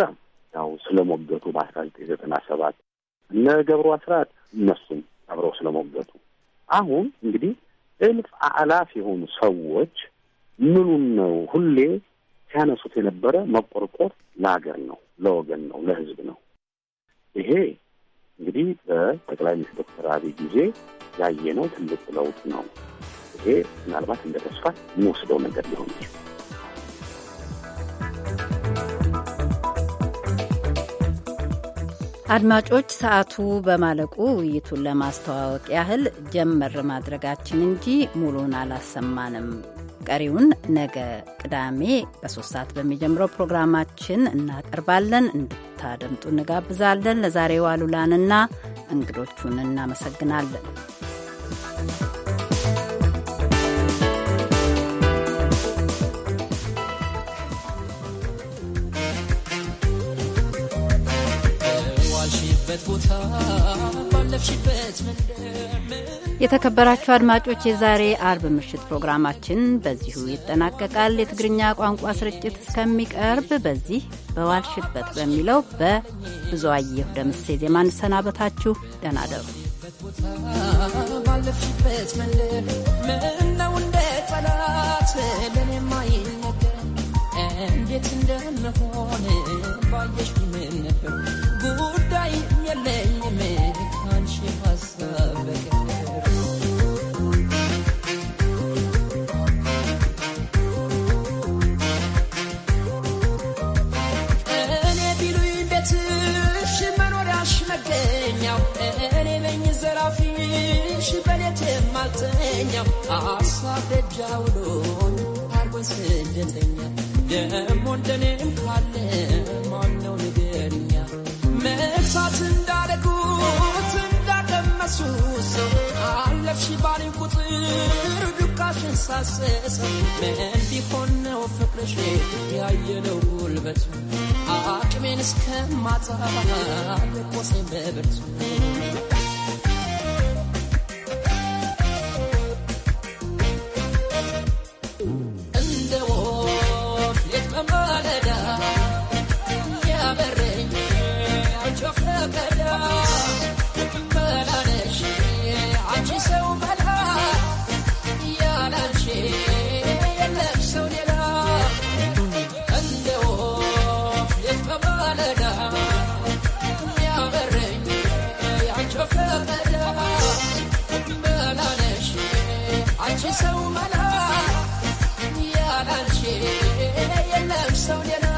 [SPEAKER 18] ያው ስለሞገቱ በአስራ ዘጠኝ ዘጠና ሰባት እነ ገብሩ አስራት እነሱም አብረው ስለሞገቱ አሁን እንግዲህ እልፍ አላፍ የሆኑ ሰዎች ምኑን ነው ሁሌ ሲያነሱት የነበረ መቆርቆር ለሀገር ነው፣ ለወገን ነው፣ ለህዝብ ነው። ይሄ እንግዲህ በጠቅላይ ሚኒስትር ዶክተር አብይ ጊዜ ያየነው ትልቅ ለውጥ ነው። ይሄ ምናልባት እንደ ተስፋ የሚወስደው ነገር ሊሆን ይችላል።
[SPEAKER 2] አድማጮች ሰዓቱ በማለቁ ውይይቱን ለማስተዋወቅ ያህል ጀመር ማድረጋችን እንጂ ሙሉን አላሰማንም። ቀሪውን ነገ ቅዳሜ በሶስት ሰዓት በሚጀምረው ፕሮግራማችን እናቀርባለን። እንድታደምጡ እንጋብዛለን። ለዛሬው አሉላንና እንግዶቹን እናመሰግናለን። የተከበራችሁ አድማጮች የዛሬ አርብ ምሽት ፕሮግራማችን በዚሁ ይጠናቀቃል። የትግርኛ ቋንቋ ስርጭት እስከሚቀርብ በዚህ በዋልሽበት በሚለው አየሁ ደምሴ ዜማ እንሰናበታችሁ። ደህና ደሩ።
[SPEAKER 10] መንደር ምነው እንደ ጠላት እንዴት እንደምሆን ባየሽ ምን ነበር ማልተኛው አሳብ ደጃውሎን አርጎኝ ስደተኛ ደሞ እንደኔም ካለ ማነው ንገርኛ መርሳት እንዳደረጉት እንዳቀመሱ ቁጥር ዱካሽን ሳሰሰው ምን ቢሆን ነው ጉልበቱ አቅሜን እስከማጣ ልቆሴ በብርቱ ሰው መላ ያላንቺ የለም ሰው ሌላ